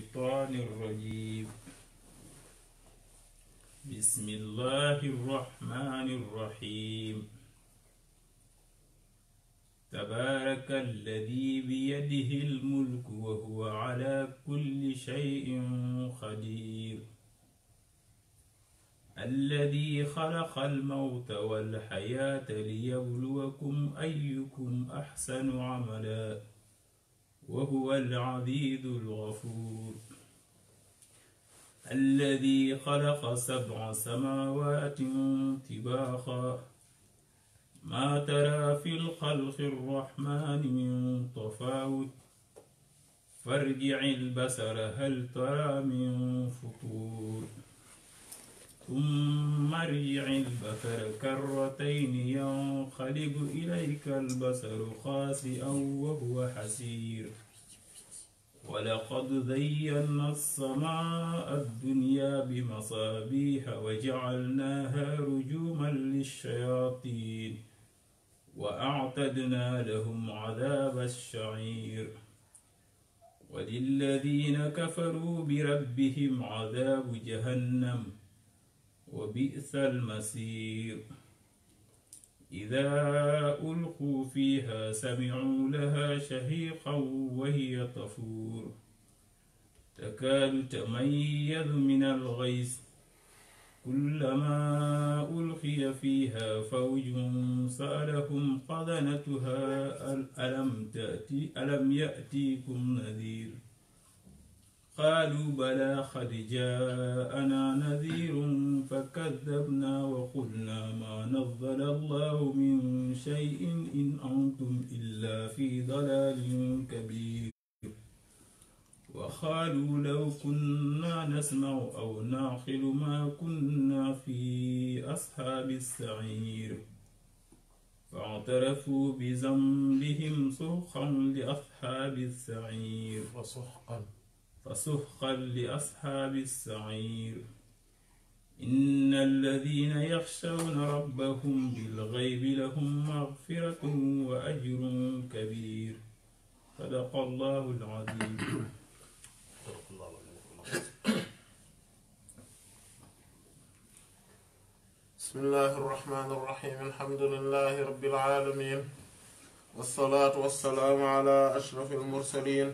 الشيطان الرجيم بسم الله الرحمن الرحيم تبارك الذي بيده الملك وهو على كل شيء قدير الذي خلق الموت والحياة ليبلوكم أيكم أحسن عملاً وهو العزيز الغفور الذي خلق سبع سماوات طباقا ما ترى في الخلق الرحمن من تفاوت فارجع البصر هل ترى من فطور ثم ارجع البصر كرتين ينقلب إليك البصر خاسئا وهو حسير ولقد زينا السماء الدنيا بمصابيح وجعلناها رجوما للشياطين وأعتدنا لهم عذاب الشعير وللذين كفروا بربهم عذاب جهنم وبئس المصير إذا ألقوا فيها سمعوا لها شهيقا وهي تفور تكاد تميز من الغيث كلما ألقي فيها فوج سألهم قدنتها ألم, تأتي ألم يأتيكم نذير قالوا بلى قد جاءنا نذير فكذبنا وقلنا ما نزل الله من شيء إن أنتم إلا في ضلال كبير وقالوا لو كنا نسمع أو نعقل ما كنا في أصحاب السعير فاعترفوا بذنبهم سحقا لأصحاب السعير وسحقا فسحقا لأصحاب السعير إن الذين يخشون ربهم بالغيب لهم مغفرة وأجر كبير صدق الله العظيم بسم الله الرحمن الرحيم الحمد لله رب العالمين والصلاة والسلام على أشرف المرسلين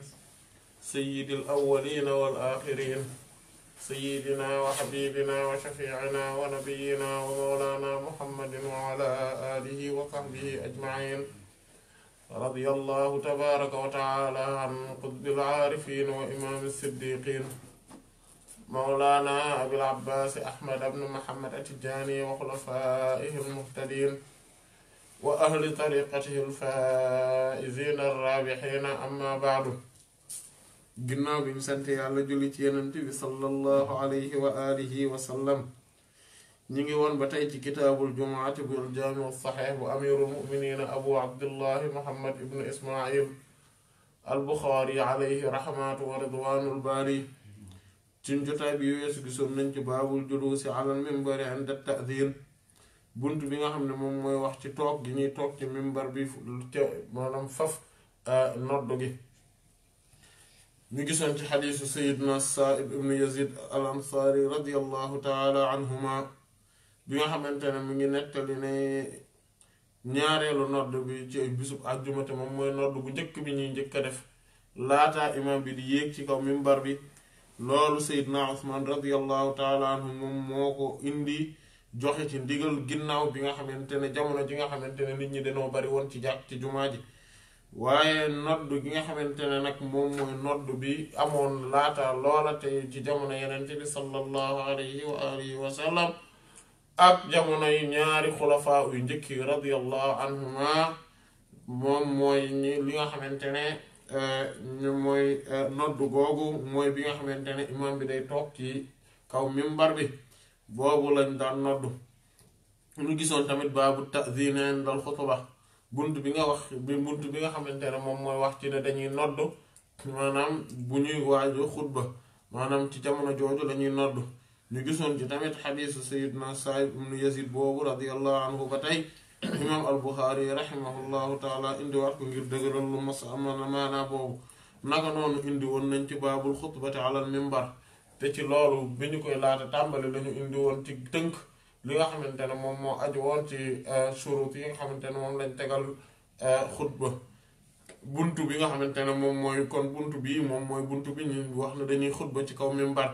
سيد الأولين والآخرين سيدنا وحبيبنا وشفيعنا ونبينا ومولانا محمد وعلى آله وصحبه أجمعين رضي الله تبارك وتعالى عن قطب العارفين وإمام الصديقين مولانا أبي العباس أحمد بن محمد التجاني وخلفائه المهتدين وأهل طريقته الفائزين الرابحين أما بعد ginnaaw bi ñu sant yàlla julli ci yenent bi sallallahu alayhi wa alihi wa sallam ñu ngi woon ba tey ci kitaabul jumaati bul jaamiu saxiix bu amirul muminina abu abdullahi muhammad ibnu ismail al buxaari alayhi rahmatu wa ridwanul baari ci jotaay bi weesu gisoon nañ ci baabul juluusi alal mimbari inda bi nga xam ne moom mooy wax ci toog gi ñuy toog ci mimbar bi ca maanaam faf eh, nodd gi ñu gisoon ci xadiisu sayidna saaib ibnu yazid al ansaari radiallahu taala anhuma bi nga xamante ne mu ngi nekkali ne ñaareelu nodd bi ci bisub àjjuma te moom mooy nodd bu njëkk bi ñuy njëkk a def laataa imaam bi di yéeg ci kaw mimbar bi loolu sayidna usman radiallahu taala anhu moo ko indi joxe ci ndigal ginnaaw bi nga xamante ne jamono ji nga xamante ne nit ñi dañoo bari woon ci jàkk ci jumaa ji waaye nodd gi nga xamante ne nag moom mooy nodd bi amoon laata loola te ci jamono yenente bi sallallahu alayhi wa alihi wa sallam ak jamono yu ñaari xulafaa yu njëkki radiallahu anhuma moom mooy ñi li nga xamante ne ñu eh, mooy eh, nodd googu mooy bi nga xamante ne imam bi day toog ci kaw mimbar bi boobu lañ daan nodd ñu gisoon tamit baabu ta'zin indal xutba bunt bi nga wax bi bunt bi nga xamante ne moom mooy wax ci ne dañuy nodd maanaam bu ñuy waaju xutba maanaam ci jamono jooju la ñuy nodd ñu gisoon ci tamit xadiisu sayidna saib ibnu yazid boobu radiallahu anhu ba tey imaam al buxaari rahimahullahu taala indi waat ko ngir dëgëral lu mas amana maanaa boobu naka noonu indi woon nañ ci baabul xutbati alal mimbar te ci loolu bi ñu koy laata tàmbali lañu indi woon ci tënk li nga xamante ne moom moo aju woon ci euh, shurut yi nga xamante ne moom lañ tegal euh, xutba buntu bi nga xamante ne moom mooy kon bunt bi moom mooy buntu bi ñu wax na dañuy xutba ci kaw mimbar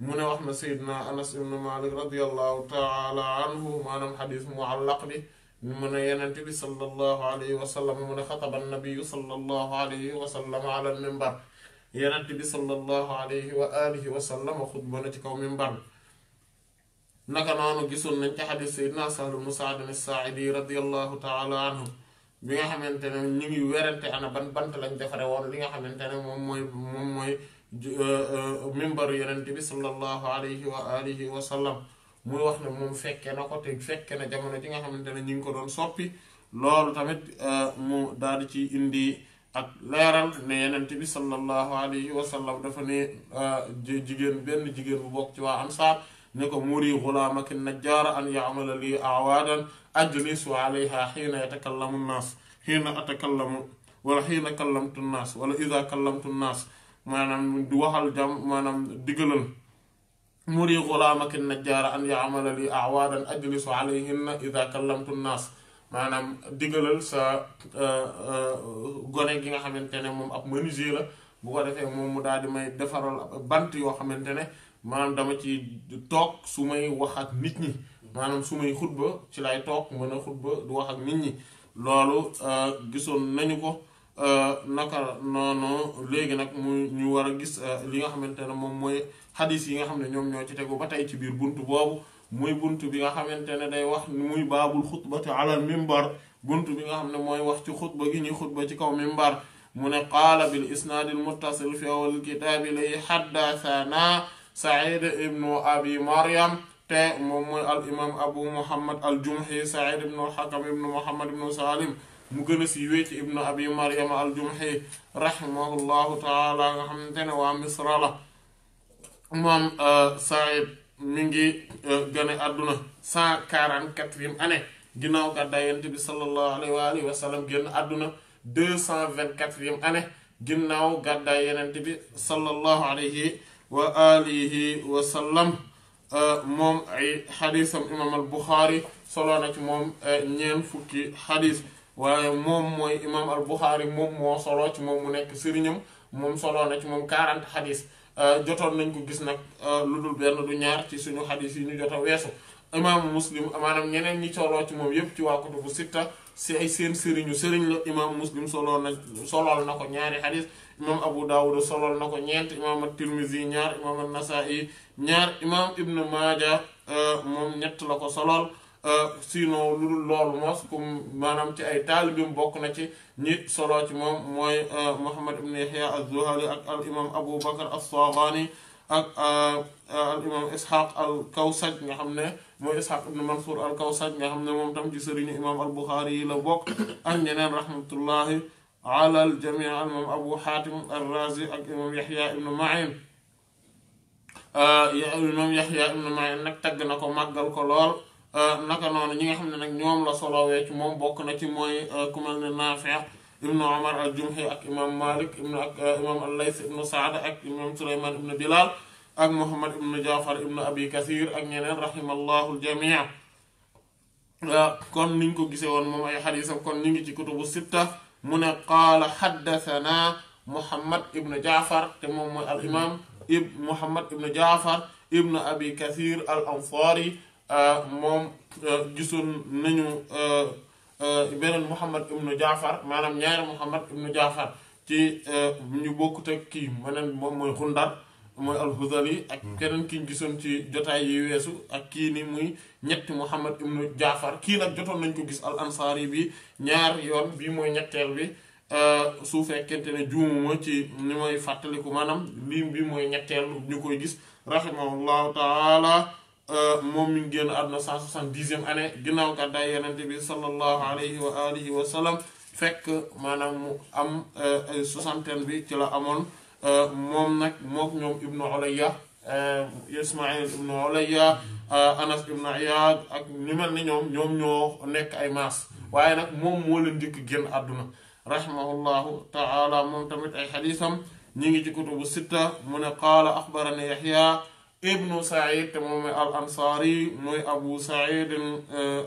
mu ne wax na Seydina Anas ibn Malik radiyallahu taala anhu maanaam xadis muallaq bi mu ne yenente bi sallallahu alayhi wa sallam mu ne xataba nabiyu sallallahu alayhi wa sallam ala al mimbar yenente bi sallallahu alayhi wa alihi wa sallam xutba na ci kaw mimbar bi naka noonu gisoon nañ ci xadis sayyidina Sahl ibn Sa'd as-Saa'idi radiyallahu taala anhu bi nga xamante ne ñu ngi werante ana ban bant lañ defare woon li nga xamante ne moom mooy moom mooy euh, euh, mimbaru yonent bi sallallahu alayhi wa alihi wa sallam muy wax ne moom fekke na ko te fekke na jamono ji nga xamante ne ñu ngi ko doon soppi loolu tamit euh, mu daal di ci indi ak leeral ne yonent bi sallallahu alayhi wa sallam dafa ne jigéen benn jigéen bu bokk ci waa am ansaar نكو موري غلامك النجار أن يعمل لي أعوادا أجلس عليها حين يتكلم الناس حين أتكلم وحين كلمت الناس ولا إذا كلمت الناس ما نم دوها الجم ما نم دقلن موري غلامك النجار أن يعمل لي أعوادا أجلس عليهن إذا كلمت الناس manam digalal sa eh, eh, gone gi nga xamantene mom ab menuisier la bu ko defé mom mu daldi may defaral bant yo xamantene maanaam dama ci toog su may wax ak nit ñi maanaam su may xutba ci lay toog mën a xutba du wax ak nit ñi loolu euh, gisoon nañu ko euh, naka noonu léegi nag mu ñu war a gis euh, li nga xamante ne moom mooy xadis yi nga xam ne ñoom ñoo ci tegu ba tey ci biir bunt boobu muy bunt bi nga xamante ne day wax muy baabul xutbati alal mimbar bunt bi nga xam ne mooy wax ci xutba gi ñuy xutba ci kaw mimbar mu ne qaala bil isnaadil muttasil fi awal kitaabi lay xaddasanaa Saïd ibnu Abi Maryam te moom mooy al imaam Abu Muhammad al Jumhi Saïd ibnu a siiwee ci ibnu Abi Maryam al Jumhi rahimahullahu taala nga xamante ne waa Misra moom euh, Saïd mi ngi euh, gën a àdduna cent quarante-quatrième année ginnaaw gàddaay Yonent bi sallallahu alayhi wa alihi àdduna deux vingt-quatrième année ginnaaw gàddaay Yonent bi wa alihi wa sallam euh, moom ay xadisam imaam al buxaari solo na ci moom euh, ñeen fukki xadis waaye moom mooy imaam al buxaari moom moo solo ci moom mu nekk sëriñam moom solo na ci moom 40 xadis euh, jotoon nañ ko gis nag lu dul benn du ñaar ci suñu xadis yi ñu jot a weesu imaamu muslim maanaam ñeneen ñi solo ci moom yépp ci waa kutubu sitta si ay seen sëriñu sëriñ la imaamu muslim solo na solool na ko ñaari xadis imaam Abu Daawud solol na ko ñeent imaam at-Tirmisi ñaar imaam an-Nasaa'i ñaar imaam Ibn Maaja euh, moom ñett la ko solol euh, sinon lu dul mos comme maanaam ci ay taalibeem bokk na ci ñi solo ci moom mooy euh, Muhammad ibn Yahya az-Zuhali ak al imaam Abu Bakr as-Saghani ak al imaam Ishaq al-Kawsaj nga xam ne mooy Ishaq ibn Mansour al-Kawsaj nga xam ne moom tam ci sëriñu imaam al-Bukhari yi la bokk ak ñeneen rahmatullahi على الجميع امام ابو حاتم الرازي امام يحيى ابن معين آه، يا امام يحيى ابن معين نك تاغ نكو ماغال كو لول نكا نون نيغا خامني نك نيوم لا سولو وي تي موم بوك نا تي موي كومال نافع ابن عمر الجمحي اك امام مالك ابن امام الليث ابن سعد اك امام سليمان ابن بلال اك محمد ابن جعفر ابن ابي كثير اك نينن رحم الله الجميع كون نينكو غيسيون موم اي حديثا كون نينغي كتب السته من قال حدثنا محمد ابن جعفر تمام الإمام محمد ابن جعفر ابن أبي كثير الأنصاري مم جسون نيو ابن محمد ابن جعفر معنا نيار محمد ابن جعفر تي نيو بوكو تكي معنا مم خندر mooy al-Huzali ak keneen kii ñu gisoon ci jotaay yi weesu ak kii ni muy ñetti Muhammad ibnu Jaafar kii nag jotoon nañ ko gis al ansaari bi ñaar yoon bii mooy ñetteel bi euh, su fekkente ne juumuma ci ni mooy fàttaliku maanaam lii bi mooy ñetteel ñu koy gis rahimahullahu taala euh, moom mi ngi génn àdduna cent soixante-dixième année ginnaaw gàddaay Yonent bi sallallahu alayhi wa alihi wa sallam fekk maanaam mu am euh, soixantaine bi ci la amoon mom nak mok ñom ibnu Ulayya Ismaïl ibnu Ulayya Anas ibnu Iyad ak ñu mel ni ñom ñoom ñoo nek ay mas waye nak mom mo leen dik génn àdduna rahimahullahu taala mom tamit ay haditham ñi ngi ci kutubu sita mun qala akhbarana yahya yaxya ibnu said te moom al ansaari mooy abu said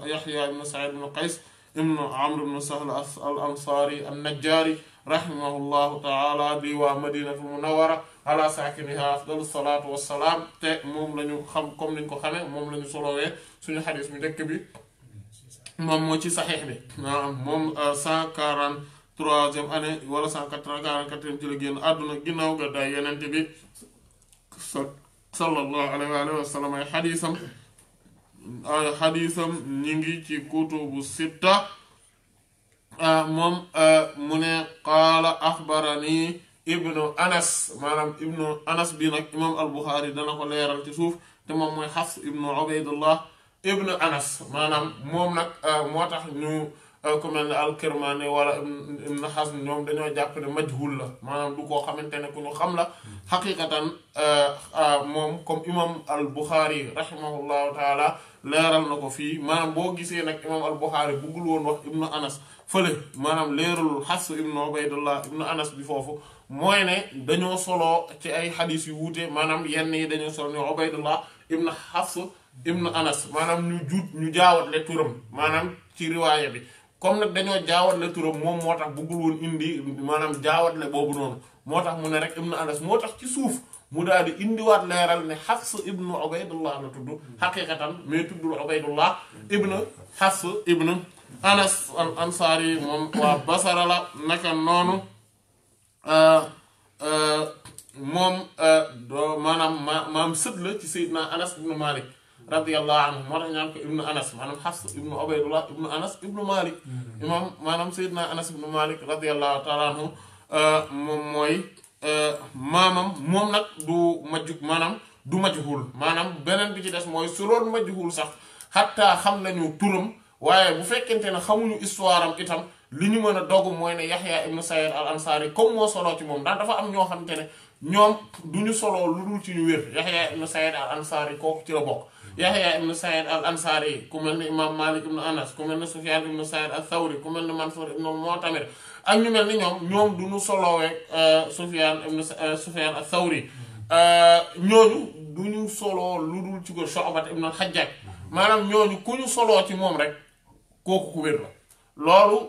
yaxya ibnu said ibnu qays ibnu amr ibnu sahl al ansaari an najjaari rahimahullahu taala di waa madinatu munawwara ala saakiniha afdalu salaatu wassalaam te moom lañu xam comme niñ ko xame moom lañu solowee suñu xadis bi njëkk bi moom moo ci saxiix bi maanaam moom euh, cent quarante troisième année wala cent quarante-quatrième ci la génn àdduna ginnaaw gàddaay yenent bi sallallahu alayhi wa sallam ay xadisam ay xadisam ñi ngi ci moom mu ne qaala axbarani ibnu anas maanaam ibnu anas bi nag imaam albuxaari dana ko leeral ci suuf te moom mooy xafs ibnu ubaydullah ibnu anas maanaam moom nag moo tax ñu ku mel ne alkirmaani wala ibn xasm ñoom dañoo jàpp ne majhul la maanaam du koo xamante ne ku ñu xam la xaqiqatan moom comme imam al buxaari rahimahullahu taala leeral na ko fii maanaam boo gisee nag imam al buxaari buggul woon wax ibnu anas fële maanaam leerul xas ibnu ubaydullah ibnu anas bi foofu mooy ne dañoo soloo ci ay xadis yu wuute maanaam yenn yi dañoo solo ne ubaydullah ibnu xas ibnu anas maanaam ñu juut ñu jaawatle turam maanaam ci riwaaya bi comme nag dañoo jaawatle turam moom moo tax bëggul woon indi maanaam jaawatle boobu noonu moo tax mu ne rek ibnu anas moo tax ci suuf mu daal di indiwaat leeral ne xafs ibnu ubaydullah la tudd xaqiqatan mais tuddul ubaydullah ibnu xafs ibnu anas al ansaari moom waa basara la naka noonu euh, euh, moom euh, doo maanaam ma maam sët la ci sayyidina anas ibnu malik radiyallahu anhu moo tax ko ibnu anas maanaam xafs ibnu obaydullah ibnu anas ibnu malik imam maanaam sayyidina anas ibnu malik radiyallahu taala anhu moom mooy maamam moom nag du majjug maanaam du majhul maanaam beneen bi ci des mooy su loolu majhul sax xatta xam nañu turam waye bu fekkente na xamuñu histoire am itam liñu mëna mën a dogu mooy ne yahya ibn Saïd al Ansari comme mo solo ci mom da dafa am ño xamante ne ñoom du ñu lu dul ci ñu wér yahya ibn Saïd al Ansari ko ci la bok yahya ibn Saïd al Ansari ku melni imam Malik ibn Anas ku melni sufyan ibn ibnu Saïd al Thawri ku melni mansur ibn Mu'tamir ak ñu melni ñom ñom duñu solo wé sufyan ibn sufyan al Thawri ñoñu duñu solo soloo lu dul ci ko Shu'ba ibn al Hajjaj manam ñooñu kuñu solo ci mom rek. koku ku wer la loolu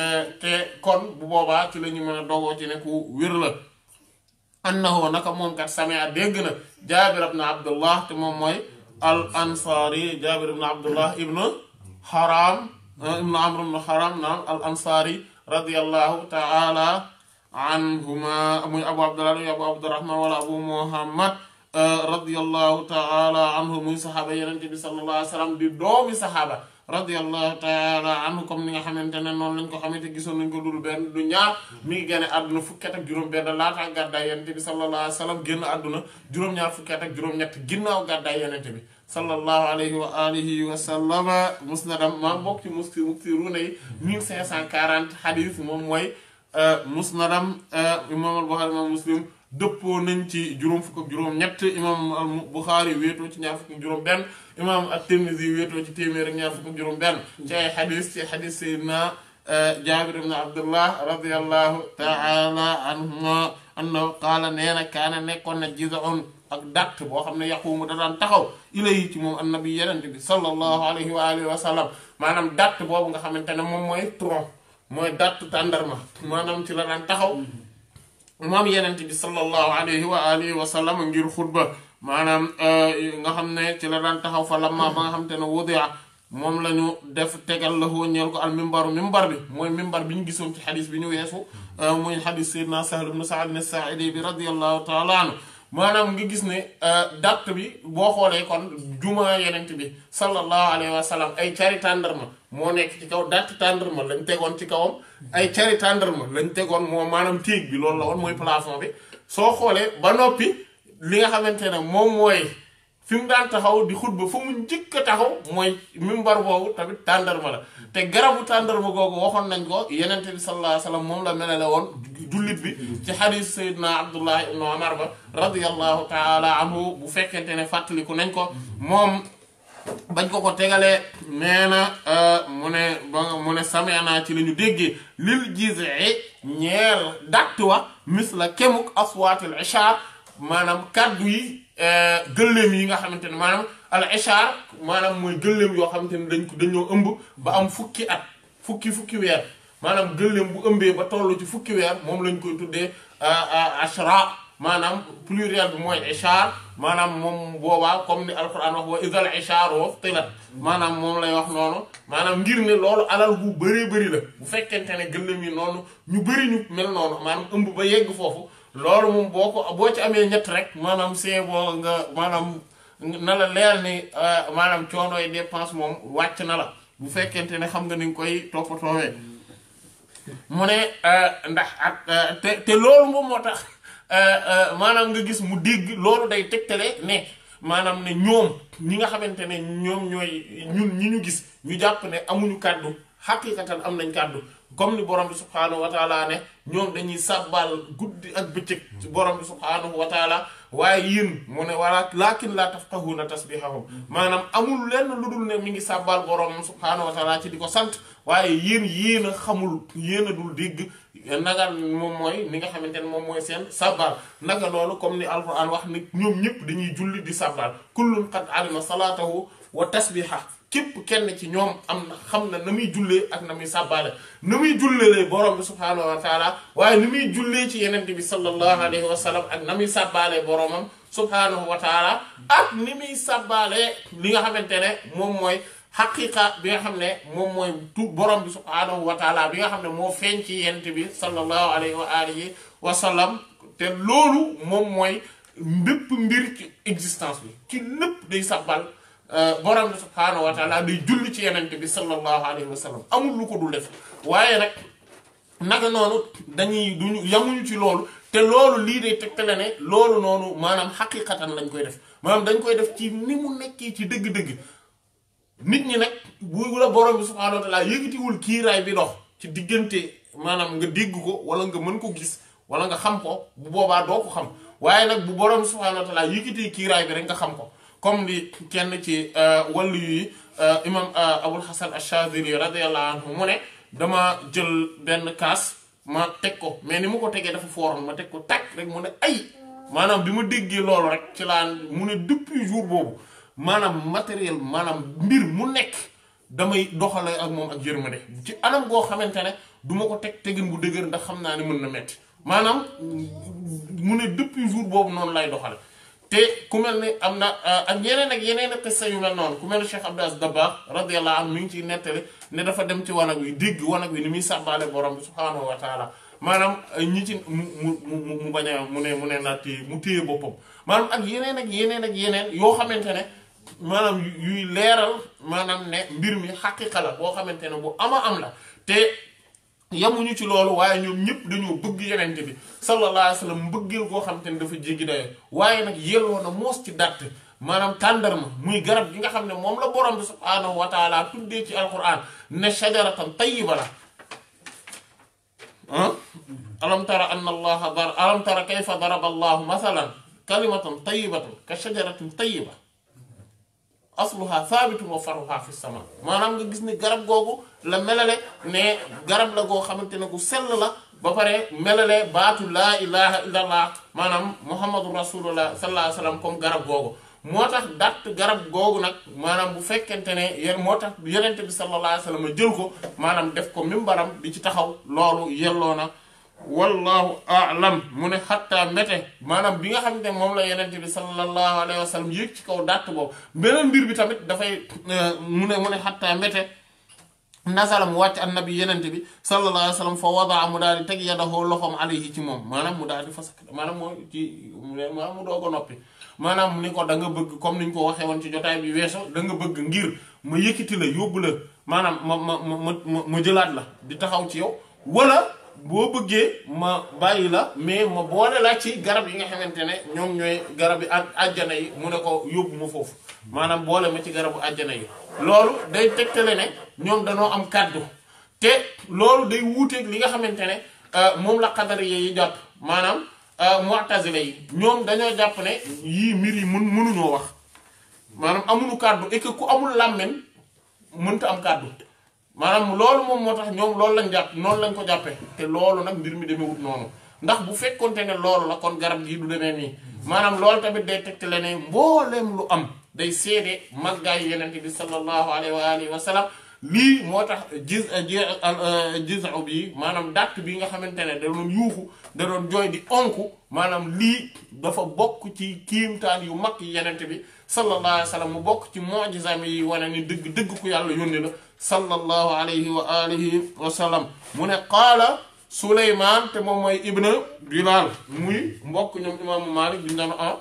eh, te kon bu boba ci lañu mëna dogo ci ne ku wer la annahu naka mom kat sami'a na jabir ibn abdullah te mom moy al ansari jabir ibn abdullah ibnu haram eh, ibn amr ibn haram nan al ansari radiyallahu taala anhuma amu abu abdullah ya abu Abdurrahman wala abu muhammad eh, radiyallahu taala anhu mu sahaba yenente bi sallallahu alayhi wasallam di doomi sahaba radiyallahu taala anhu comme ni nga xamante ne noonu lañ ko xamante gisoon nañ ko dul benn du ñaar mi ngi génne àdduna fukki ak juróom-benn laata gàddaay yonent bi sallallahu alayhi wa sallam génn àdduna juróom-ñaar fukki at ak juróom-ñett ginnaaw gàddaay yonent bi sallallahu alayhi wa alihi wa sallama musnadam maa bokk ci musti muktiruuna yi 1540 xadis moom mooy euh, musnadam euh, imaam al Buxaari imaam muslim dëppoo nañ ci juróom fukk ak juróom-ñett imaam al Buxaari wéetoo ci ñaar fukk juróom-benn imaam at-Tirmidhi wéetoo ci téeméer ak ñaar fukk ak juróom benn ci ay xadis ci xadis sayyidina eh, Jaabir ibn Abdullah radiyallahu taala anhuma annahu qaala nee kaana nekkoon na jiz'un ak dàtt boo xam ne yaquumu da daan taxaw ilayi ci moom annabi yenente bi sallallahu alayhi wa alihi wa sallam maanaam dàtt boobu nga xamante ne moom mooy mooy dàtt tàndarma ci la taxaw moom mm-hmm. yenente bi sallallahu alayhi wa alihi ngir xutba maanaam euh, nga xam ne ci la daan taxaw fa lamma ba nga xam te ne wudia moom la ñu def tegal la ko ñeel ko al mimbaru bi mooy mimbar bi ñu gisoon ci xadis bi ñu weesu euh, muy xadis sayyidina Sahl ibn Sa'd as-Sa'idi bi radiyallahu taala anhu maanaam gis ne euh, date bi boo xoolee kon jumaa yenent bi sallallahu alayhi wa sallam ay cari tàndarma moo nekk ci kaw date tàndarma lañ tegoon ci kawam ay cari tàndarma lañ tegoon moo maanaam téeg bi lool la woon mooy plafond bi soo xoolee ba noppi li nga xamante ne moom mooy fi mu daan taxaw di xutba fu mu njëkk a taxaw mooy mimbar boobu tamit tàndarma la te garabu tàndarma googu waxoon nañ ko yenente bi sallallahu moom la melale woon jullit bi ci xadiis sayidna abdullah ibnu omar ba radiallahu taala anhu bu fekkente ne fàttaliku nañ ko moom bañ ko ko tegalee nee na euh, mu ne ba mu ci la ñu déggee lil gise ñeel dàtt wa mis la kemuk aswaatil ishaar maanaam kaddu yi euh, gëléem yi nga xamante ne maanaam al ishaar maanaam mooy gëléem yoo xamante ne dañ ko dañoo ëmb ba am fukki at fukki fukki weer maanaam gëléem bu ëmbee ba toll ci fukki weer moom lañ koy tuddee euh, euh, ashra maanaam pluriel bi mooy ishaar maanaam moom boobaa comme ni alquran wax wa idal te la maanaam moom lay wax noonu maanaam ngir ne loolu alal bu bëree bari la bu fekkente ne gëléem yi noonu ñu bëri ñu mel noonu maanaam ëmb ba yegg foofu loolu moom boo ko boo ci amee ñett rek maanaam c'est bon nga maanaam na la leer ni euh, maanaam coonooy dépense moom wàcc na la bu fekkente ne xam nga ni nga koy toppatoowee mu ne euh, ndax ak euh, te te loolu moom moo tax maanaam nga gis mu digg loolu day tegtale ne maanaam ne ñoom ñi nga xamante ne ñoom ñooy ñun ñi ñu gis ñu jàpp ne amuñu kàddu xaqiqatan am nañ kàddu comme ni borom bi subhaanahu wa taala ne ñoom dañuy sàbbaal guddi ak bëccëg ci borom bi subhaanahu wa taala waaye yéen mu ne wala laakin laa tafqahuuna tasbihahum maanaam amul lenn lu dul ne mi ngi sàbbaal borom subhaanahu wa ci di ko sant waaye yéen yéen a xamul yéen a dul dégg nagam moom mooy ni nga xamante ne moom mooy seen sàbbaal naka loolu comme ni alquran wax ni ñoom ñëpp dañuy julli di sàbbaal kullun qad alima salaatahu wa tasbiha képp kenn ci ñoom am na xam na na muy jullee ak na muy sàbbaale na muy jullee borom bi subhaanahu wa waaye na muy jullee ci yeneen bi sallallahu alayhi wa ak na muy sàbbaale boromam subhaanahu wa taala ak ni muy sàbbaale li nga xamante ne moom mooy xaqiqa bi nga xam ne moom mooy tu borom bi subhaanahu wa taala bi nga xam ne moo feeñ ci yeneen bi sallallahu alayhi wa te loolu moom mooy mbépp mbir ci existence bi ci lépp day sàbbal Euh, borom bi subhaanahu wa taala day julli ci yenente bi sallallahu alayhi wa sallam amul lu ko dul def waaye nag nag noonu dañuy duñu yamuñu ci loolu te loolu lii day tegtale ne loolu noonu maanaam xaqiqatan lañ koy def maanaam dañ koy def ci ni mu nekkee ci dëgg-dëgg nit ñi nag bu la borom bi subhaanahu wa taala yëgitiwul kiiraay bi dox ci diggante maanaam nga dégg ko wala nga mën ko gis wala nga xam ko bu boobaa doo ko xam waaye nag bu borom bi subhaanahu wa taala yëgitee bi rek nga xam ko كملي كأن كي ولي إمام أبو الحسن الشاذلي رضي الله عنه من دما جل بن كاس ما تكو مني مو كتكي دفع فورم ما تكو تك رك من أي ما نام بيمو ديجي لور رك كلان من دبي جور بوب ما نام ماتريال ما نام مير منك دما يدخل على أمم أجير مني كي أنا مو خامن تاني دمو كتك تجين بديجر دخمنا نمن نمت ما نام من دبي جور بوب نون لا يدخل عليه te ku mel ni am na euh, ak yeneen ak yeneen ak sañu yu noonu ku mel ne Cheikh Abdou Aziz Dabakh radiyallahu anhu mu ngi ciy nettali ne dafa dem ci wanag wi dégg wanag wi ni muy sàbbaale borom bi subhaanahu wa maanaam euh, ñi ci mu mu mu bañ a mu ne mu ne naa téye mu téye boppam maanaam ak yeneen ak yeneen ak yeneen yoo xamante ne maanaam yuy leeral maanaam ne mbir mi xaqiqa la boo xamante ne bu am am la te yemuñu ci loolu waaye ñoom ñëpp dañoo bëgg yenente bi sallallahu alayhi wa sallam mbëggeel koo xam te ne dafa jéggi dayoo waaye nag yelloo na moos ci datt maanaam kàndarma muy garab gi nga xam ne moom la borom bi subhaanahu wa tuddee ci alquran ne shajaratan tayyiba la alam tara anna allaha alam tara kayfa daraba allahu masalan kalimatan tayyibatan ka shajaratin asluha saabitun wa faruha fi sama maanaam nga gis ni garab googu la melale ne garab la goo xamante ne gu sell la ba pare melale baatu laa ilaha illallah maanaam muhammadu rasulullah sallallahu alayhi wa sallam comme garab googu moo tax datt garab googu nag maanaam bu fekkente ne yéen moo tax yenent bi sallallahu alayhi wa sallam jël ko maanaam def ko mimbaram di ci taxaw loolu yelloo na wallahu alam mu ne xattaa mbete maanaam bi nga xam ne moom la yenente bi sallallahu alayhi wa sallam yéeg ci kaw dàtt boobu beneen mbir bi tamit dafay euh, mu ne mu ne xattaa mbete nasala mu wàcc annabi yenente bi sallallahu alayhi wa sallam fa wadaa mu daal di teg yadahoo loxoom alayhi ci moom maanaam mu daal di fasak maanaam moo ci mu ne maanaam a noppi maanaam ni ko da nga bëgg comme niñ ko waxee woon ci jotaay bi weeso da nga bëgg ngir ma yëkkati la yóbbu la maanaam ma ma ma ma ma jëlaat la di taxaw ci yow wala boo bëggee ma bàyyi la mais ma boole la ci garab yi nga xamante ne ñoom ñooy garab yi ak àjjana yi mu ne ko yóbbu ma foofu maanaam boole ma ci garabu àjjana yi loolu day tegtale ne ñoom dañoo am kàddu te loolu day wuuteeg li nga xamante ne euh, moom la xadari yi jàpp maanaam euh, mu'tazila yi ñoom dañoo jàpp ne yii mbir yi mun mënuñoo wax maanaam amuñu kàddu et que ku amul làmmen mënta am kàddu maanaam loolu moom moo tax ñoom loolu lañ jàpp noonu lañ ko jàppee te loolu nag mbir mi demewut noonu ndax bu fekkoon te ne loolu la kon garab gii du demee nii maanaam loolu tamit day tegte la ne mbooleem lu am day seede màggaayu yenente bi sallallahu alayhi wa alihi wa sallam lii moo tax gis gis euh, euh, bi maanaam dàtt bi nga xamante ne da doon yuuxu jooy di onku maanaam lii dafa bokk ci kiimtaan yu mag yi bi sallallahu alayhi wa mu bokk ci mujizaam yi wane ni dëgg dëgg ku yàlla yónni la sallallahu alayhi wa alihi wa sallam te moom mooy ibna bilal muy mbokk ñoom imaamu malik di daan ah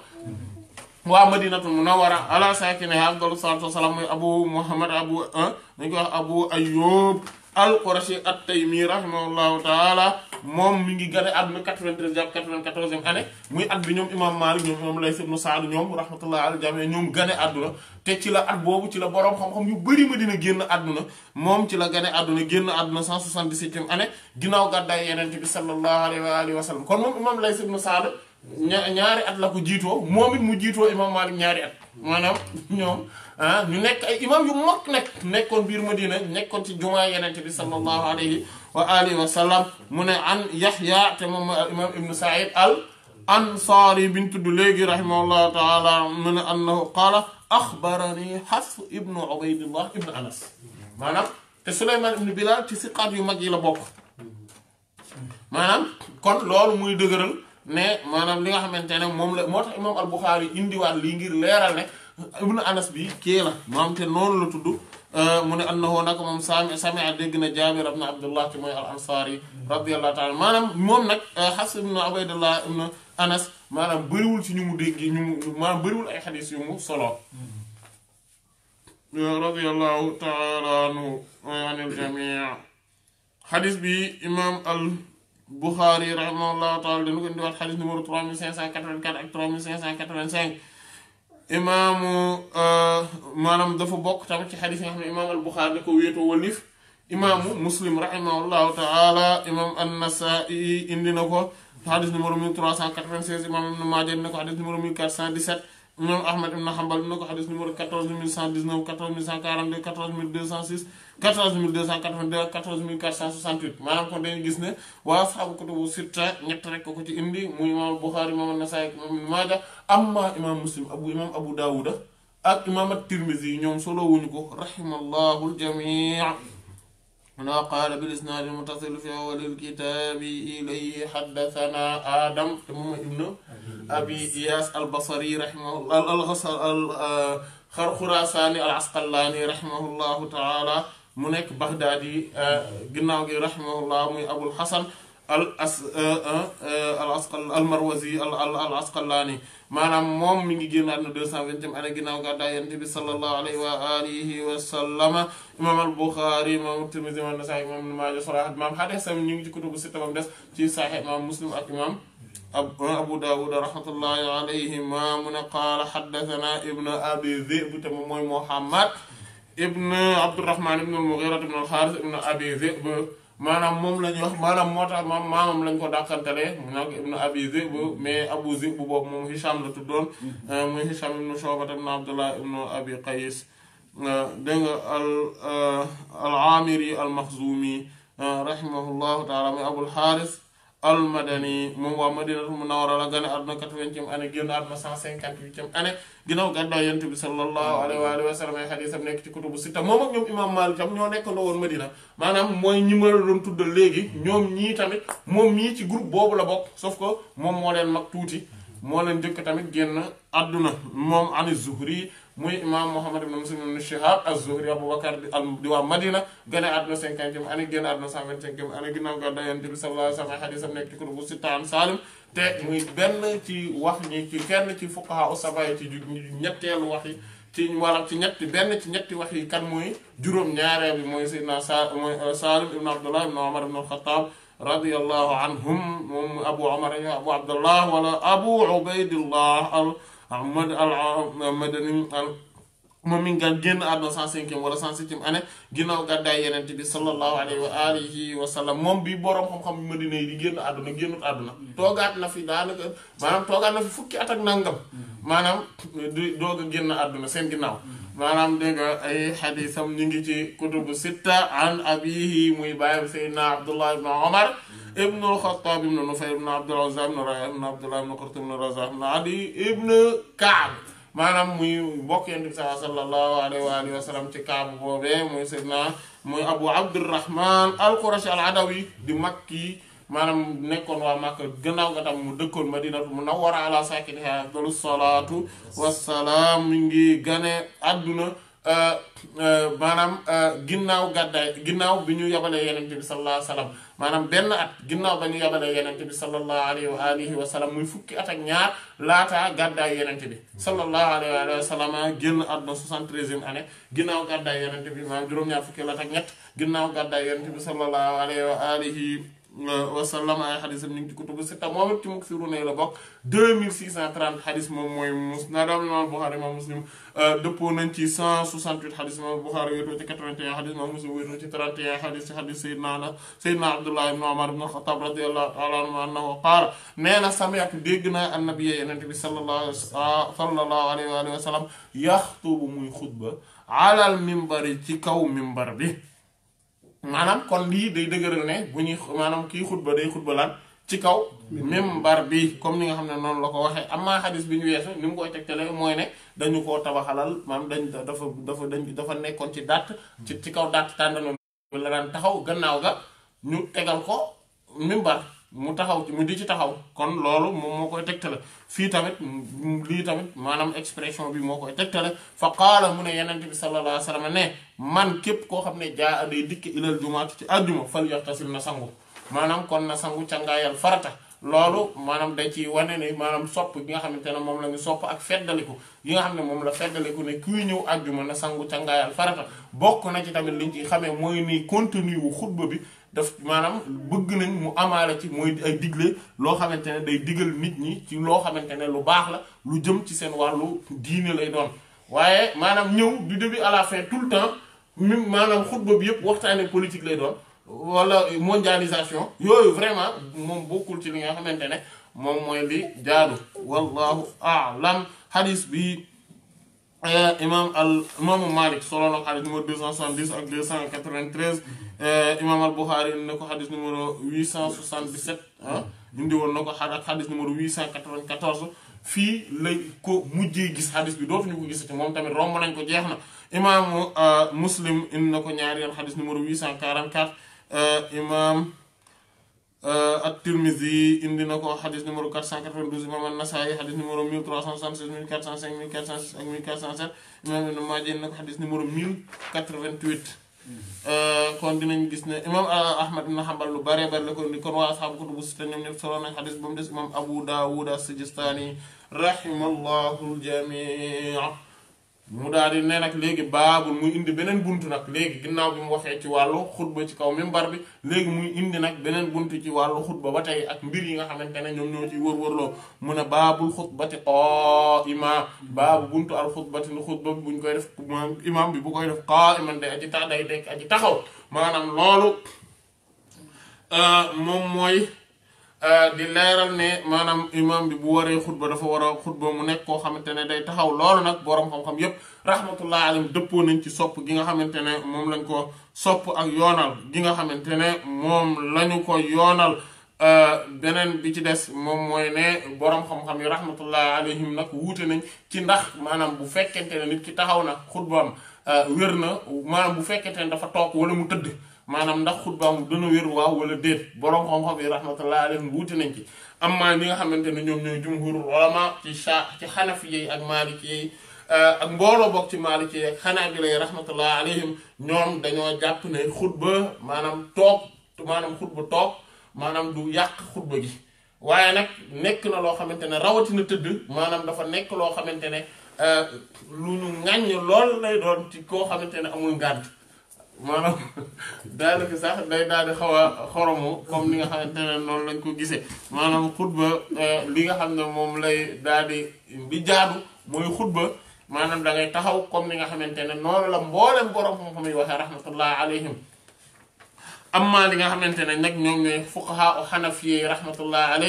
waa madinatul munawwara ala saakinihaa afdalu salaatu abu muhammad abu dañ al-Qurashi at-Taymi rahimahullahu taala moom mi ngi gane àdduna 93 jàpp 94e année muy at bi ñoom imam Malik ñoom moom Layth ibn Sa'd ñoom rahmatullahi alayhi jami ñoom gane àdduna te ci la at boobu ci la boroom xam-xam yu bëri ma dina génn àdduna moom ci la gane àdduna génn àdduna 177e année ginnaaw gàddaay Yonent bi sallallahu alayhi wa alihi kon moom imam Layth ibn Sa'd ñaari at la ko jiitoo moom mu jiitoo imam Malik ñaari at maanaam ñoom Ah ñu nekk ay imam yu mag nag nekkoon biir Madina nekkoon ci jumaa yenente bi sallallahu alayhi wa alihi wa sallam mu ne an Yaxya te moom al imam ibnu Saïd al ansaari bi ñu tudd léegi rahimahullahu taala mu ne annahu qaala axbarani Hafs ibnu Ubaydillah ibnu Anas maanaam te Souleymane ibnu Bilal ci siqaat yu mag yi la bokk maanaam kon loolu muy dëgëral ne maanaam li nga xamante ne moom la moo tax imam al indiwaat lii ngir leeral ne ibnu anas bi kii la maam te noonu la tudd mu ne annahu nag moom sami samia dégg na jaabir ibnu abdullah ci mooy al ansaari radiallahu taala maanaam moom nag xas ibnu ubaydullah ibnu anas maanaam bëriwul ci ñu mu dégg ñu mu maanaam bëriwul ay xadis yu mu solo radiallahu taala anhu anil jamii xadis bi imam al buxaari rahimahullahu taala dana ko indiwaat xadis numéro 3584 ak 3585 imaamu uh, maanaam dafa bokk tamit ci xadis yi nga xam ne imaam al buxaari da ko walif imaamu muslim rahimahullahu taala imaam an-nasaa'i indi na ko xadis numéro 1396 imaam ibnu maaja indi na ko xadis numéro 1417 imam ahmad ibn hanbal na ko xadis numéro 14119 14142 14206 14282 14468 maanaam kon dañuy gis ne waa saxaabu kutubu sitta ñett rek ko ci indi muy imam buxaari imam nasaay imam ibn maaja muslim abu abu daawuda ak imam at yi ñoom solo wuñu ko rahimallahu al jamii هنا قال بالإسناد المتصل في أول الكتاب إليه حدثنا آدم ابن أبي إياس البصري رحمه الله الخرخراساني آه، العسقلاني رحمه الله تعالى منك بغدادي آه، جناوي رحمه الله أبو الحسن al as euh, euh, euh, al asqal al marwazi al al asqalaani maanaam moom mi ngi génn àdduna 220e année ginnaaw gàddaay Yonent bi sallallahu alayhi wa alihi wa sallama imaam al Buxaari imaam Tirmisi imaam Nasaa'i imaam Ibn Maaja sahih maam hadiisam ñu ngi ci kutubu sitta bam des ci sahih imaam Muslim ak imaam Abu Daawuud rahmatullahi alayhima mu ne qaala haddasanaa ibnu Abi Dhi'b te moom mooy Muhammad ibnu Abdurrahmaan ibnu al-Mughiira ibnu al-Haaris ibnu Abi maanaam moom la ñuy wax maanaam moo tax maam maamam lañ ko dàqantalee nag ibnu abi zi bu mais abu zi bu boobu moom hisham la tuddoon mm-hmm. euh, muy hisham ibnu shobata ibnu abdullah ibnu abi qays euh, dégg nga al euh, al amiri al maxzumi rahimahullahu taala muy abul xaaris almadani moom waa madinatul munawwara la gane àdduna quatre-vingtième année génn àdduna cent cinquante-huitième année ginnaaw gàddaay yonent bi sallallahu alayhi wa alihi wa sallam ay xadiisam nekk ci kutubu sitta moom ak ñoom imam Maalik tam ñoo nekkandoo woon madina maanaam mooy ñi ma doon tuddal léegi ñoom ñii tamit moom ñii ci groupe boobu la bokk sauf que moom moo leen mag tuuti moo leen jëkk tamit génn àdduna moom ani Zuhri muy imam mohammed ibn Muslim ibn Shihab az-Zuhri abou Bakar di wa Madina gane adna cinquantième e ane gane adna 125e ane ginnaw gàddaay Yonent bi sallallahu alayhi wa sallam hadiis am nekk ci kutubu sitta an Salim te muy benn ci wax ñi ci kenn ci fuqaha as ci ñetteelu wax ci maanaam ci ñetti benn ci ñetti wax yi kan mooy juróom-ñaareel bi mooy Seydina Salim ibn Abdullah ibn Umar ibn al-Khattab radiyallahu anhum moom Abu Umar Abu Abdullah wala Abu Ubaydillah Ahmad al-Madani moom mi ngi génn àdduna san cinquième wala cent septième année ginnaaw gàddaay yenent bi sallallahu alayhi wa moom bi boroom xam-xam madina yi di génn àdduna génnut àdduna toogaat na fi daanaka maanaam toogaat na fi fukki at ak nangam maanaam doog a génn àdduna seen ginnaaw maanaam dégg nga ay xadisam ñu ngi ci kutubu sitta an abihi muy bàyyam sayyidina abdullah ibn omar ibnu Xattaab ibnu Nufay ibnu Abdul Uzza ibnu Rayaa ibnu Abdullah ibnu Qurt ibnu Razaa ibnu Adi ibnu Kaab maanaam muy mbokk Yonent bi sallallahu alayhi wa alihi wa sallam ci Kaab boobee muy Seydina muy Abu Abdurrahman al-Qurashi al-Adawi di Makki maanaam nekkoon waa Makka gannaaw nga tam mu dëkkoon Madinatu Munawwara ala saakinihaa afdalu salaatu wassalaam mi ngi gane àdduna Euh, euh, maanaam euh, ginnaaw gàddaay ginnaaw bi ñu yabalee yenente bi sallallahu alayhi wa sallam maanaam benn at ginnaaw ba ñu yabalee yenente bi sallallahu alayhi wa alihi wa sallam muy fukki at ak ñaar laataa gàddaay yenente bi sallallahu alayhi wa alihi wa sallam génn àdduna soixante-treizième année ginnaaw gàddaay yenente bi maanaam juróom-ñaar fukki at ak ñett ginnaaw gàddaay yenente bi sallallahu wa alihi wasallam ay xadisam ñu ngi ci kutubu sitta moom it ci muksiruna yi la bokk 2630 xadis moom mooy musnadam imam Buxaari imam Muslim dëppoo nañ ci 168 xadis imam Buxaari wéetoo ci 81 xadis imam Muslim wéetoo ci 31 xadis ci xadis Seydina Anas Seydina Abdullah ibn Umar ibn Xattaab radiyallahu taala anhu annahu qaala nee na sami'tu dégg naa annabiyya yonent bi sallallahu sallallahu alayhi wa sallam yaxtubu muy xutba alal mimbari ci kaw mimbar bi maanaam kon lii day dëgëral ne bu ñuy maanaam kii xutba day xutba laan ci kaw mimbar bi comme ni nga xam ne noonu la ko waxee am amaa xadis bi ñu weesu ni mu koy tegtale mooy ne dañu koo tabaxalal maam dañ dafa dafa dañ dafa nekkoon ci dàtt ci kaw dàtt tàndano la daan taxaw gannaaw ga ñu tegal ko mimbar mu taxaw mu di ci taxaw kon loolu moom moo koy tegtale fii tamit lii tamit maanaam expression bi moo koy tegtale fa qaala mu ne yenente bi sallallahu alayhi wa ne man képp koo xam ne jaa aday dikk ilal jumaat ci àjjuma fal yaxtasil na sangu maanaam kon na sangu cangaayal farata loolu maanaam dañ ci wane ne maanaam sopp gi nga xamante ne moom la ñu sopp ak feddaliku yi nga xam ne moom la feddaliku ne kuy ñëw àjjuma na sangu cangaayal farata bokk na ci tamit liñ ci xamee mooy nii contenu wu xutba bi daf manam bëgg nañ mu amala ci moy ay digle loo xamante day digal nit ñi ci lo xamante lu baax la lu jëm ci seen walu diiné lay doon wayé manam ñëw du début à la fin tout le temps manam khutba bi yëpp waxtaane politique lay doon wala mondialisation yooyu vraiment mom bokul ci li nga xamante mom moy mooy li jaadu wallahu a'lam hadith bi eh, imam al imaamu Malik solo na hadith numéro 270 ak 293 Eh, imaam al Buxaari indi na ko xadis numéro 877 ah indi woon na ko ak xadis numéro 894 fii lay ko mujjee gis xadis bi dootuñu ko gisati moom tamit romb nañ ko jeex na imaamu ah, Muslim indi na ko ñaari yoon xadis eh, imaam ah, at-Tirmidhi indi na ko xadis numéro 492 imaam an-Nasaa'i xadis numéro 1376 1405 1406 ak 1407 imaam Ibn Maaja indi na ko xadis numéro 1088 Euh, kon dinañ gis ne imam euh, ahmad ibn Hanbal lu bare bare la ko indi kon waa asxaabu du sitta ñoom ñëpp solo nañ xadis ba mu des imam abu daawud as-sijistaani rahimahullahu al mu daal di ne nag léegi baabul mu indi beneen bunt nag léegi ginnaaw bi mu waxee ci wàllu xutba ci kaw mimbar bi léegi muy indi nag beneen bunt ci wàllu xutba ba tey ak mbir yi nga xamante ne ñoom ñoo ciy wër-wërloo mu ne baabul xutbati qaa'ima baabu buntu al xutbati ni xutba bi buñ koy def imam bi bu koy def qaa'iman day aji tax day dekk aji taxaw maanaam loolu euh, moom mooy Euh, di leeral ne maanaam imam bi bu waree xutba dafa war a xutba mu nekk koo xamante ne day taxaw loolu nag boroom xam-xam yépp rahmatullah alayhim dëppoo nañ ci sopp gi nga xamante ne moom lañ ko sopp ak yoonal gi nga xamante ne moom lañu ko yoonal euh, beneen bi ci des moom mooy ne boroom xam-xam yi rahmatullah alayhim nag wuute nañ ci ndax maanaam bu fekkente ne nit ki taxaw na xutbaam euh, wér na maanaam bu fekkente ne dafa toog wala mu tëdd maanaam ndax xutbaam dana wér waaw wala déet borom xam-xam yi rahmatullahi alayhim wuute nañ ci amma ñi nga xamante ne ñoom ñooy jumhur ulama ci sha ci xanafi yi ak maaliki yi euh, ak mbooloo bokk ci maaliki yi ak xanaabila yi rahmatullahi alayhim ñoom dañoo jàpp ne xutba maanaam toog maanaam xutba toog maanaam du yàq xutba gi waaye nag nekk na loo xamante ne rawatina tëdd maanaam dafa nekk loo xamante ne euh, lu ñu ŋàññ lool lay doon ci koo xamante ne amul ngànt maanaam daanaka sax day daal di xaw a xoromu comme li nga xamante ne noonu lañ ko gisee maanaam xutba euh, li nga xam ne moom lay daal di bi jaadu mooy maanaam da taxaw comme ni nga xamante ne noonu la mboolem borom xam-xam yi waxee rahmatullah alayhim amma li nga xamante ne nag ñoom ñooy fuqaha o xanaf yi rahmatullah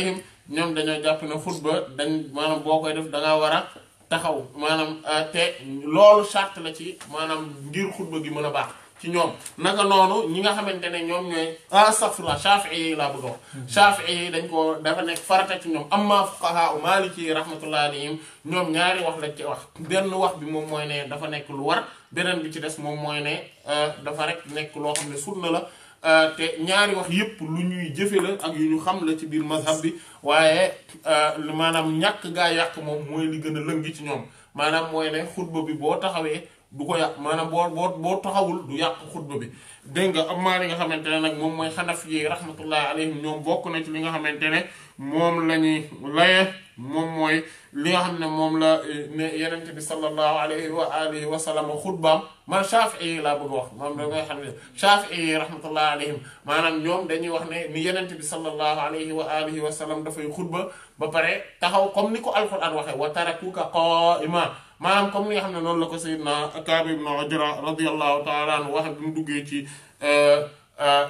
ñoom dañoo jàpp ne xutba dañ maanaam boo koy def da ngaa war a taxaw maanaam euh, te loolu charte la ci maanaam ngir xutba gi mën a baax. ci ñoom naka noonu ñi nga xamante ne ñoom ñooy astafurlah shafii yi laa bëgg a wax mhm. yi dañ ko dafa nekk farata ci ñoom am amma fuqaha u maliki rahmatullahi alayhim ñoom ñaari wax lañ ci wax benn wax bi moom mooy ne dafa nekk lu war beneen bi ci des moom mooy ne euh, dafa nekk loo xam ne sunna la euh, te ñaari wax yépp lu ñuy jëfe la ak yu ñu xam la ci biir mazhab bi waaye euh, maanaam ñàkk gaa yàq moom mooy li gën a lëngi ci ñoom maanaam mooy ne xutba bi boo taxawee du ko yàq maanaam boo boo boo taxawul du yàq xutba bi dégg nga am maa li nga xamante ne nag moom mooy xanaf yi rahmatullahi alayhim ñoom bokk na ci li nga xamante ne moom la ñuy laye moom mooy li nga xam ne moom la eh, ne yenente bi sallallahu alayhi wa alihi wa sallam xutbaam man shafii yi laa bëgg wax moom da ngay xam ne shafii yi rahmatullahi alayhim maanaam ñoom dañuy wax ne ni yenente bi sallallahu alayhi wa alihi wa sallam dafay xutba ba pare taxaw comme ni ko alquran waxe wa tarakuka qaima maanaam comme ni nga xam ne noonu la ko sayyidna Kaab ibn Ujra radiyallahu taala anhu wax bi mu duggee ci euh, euh,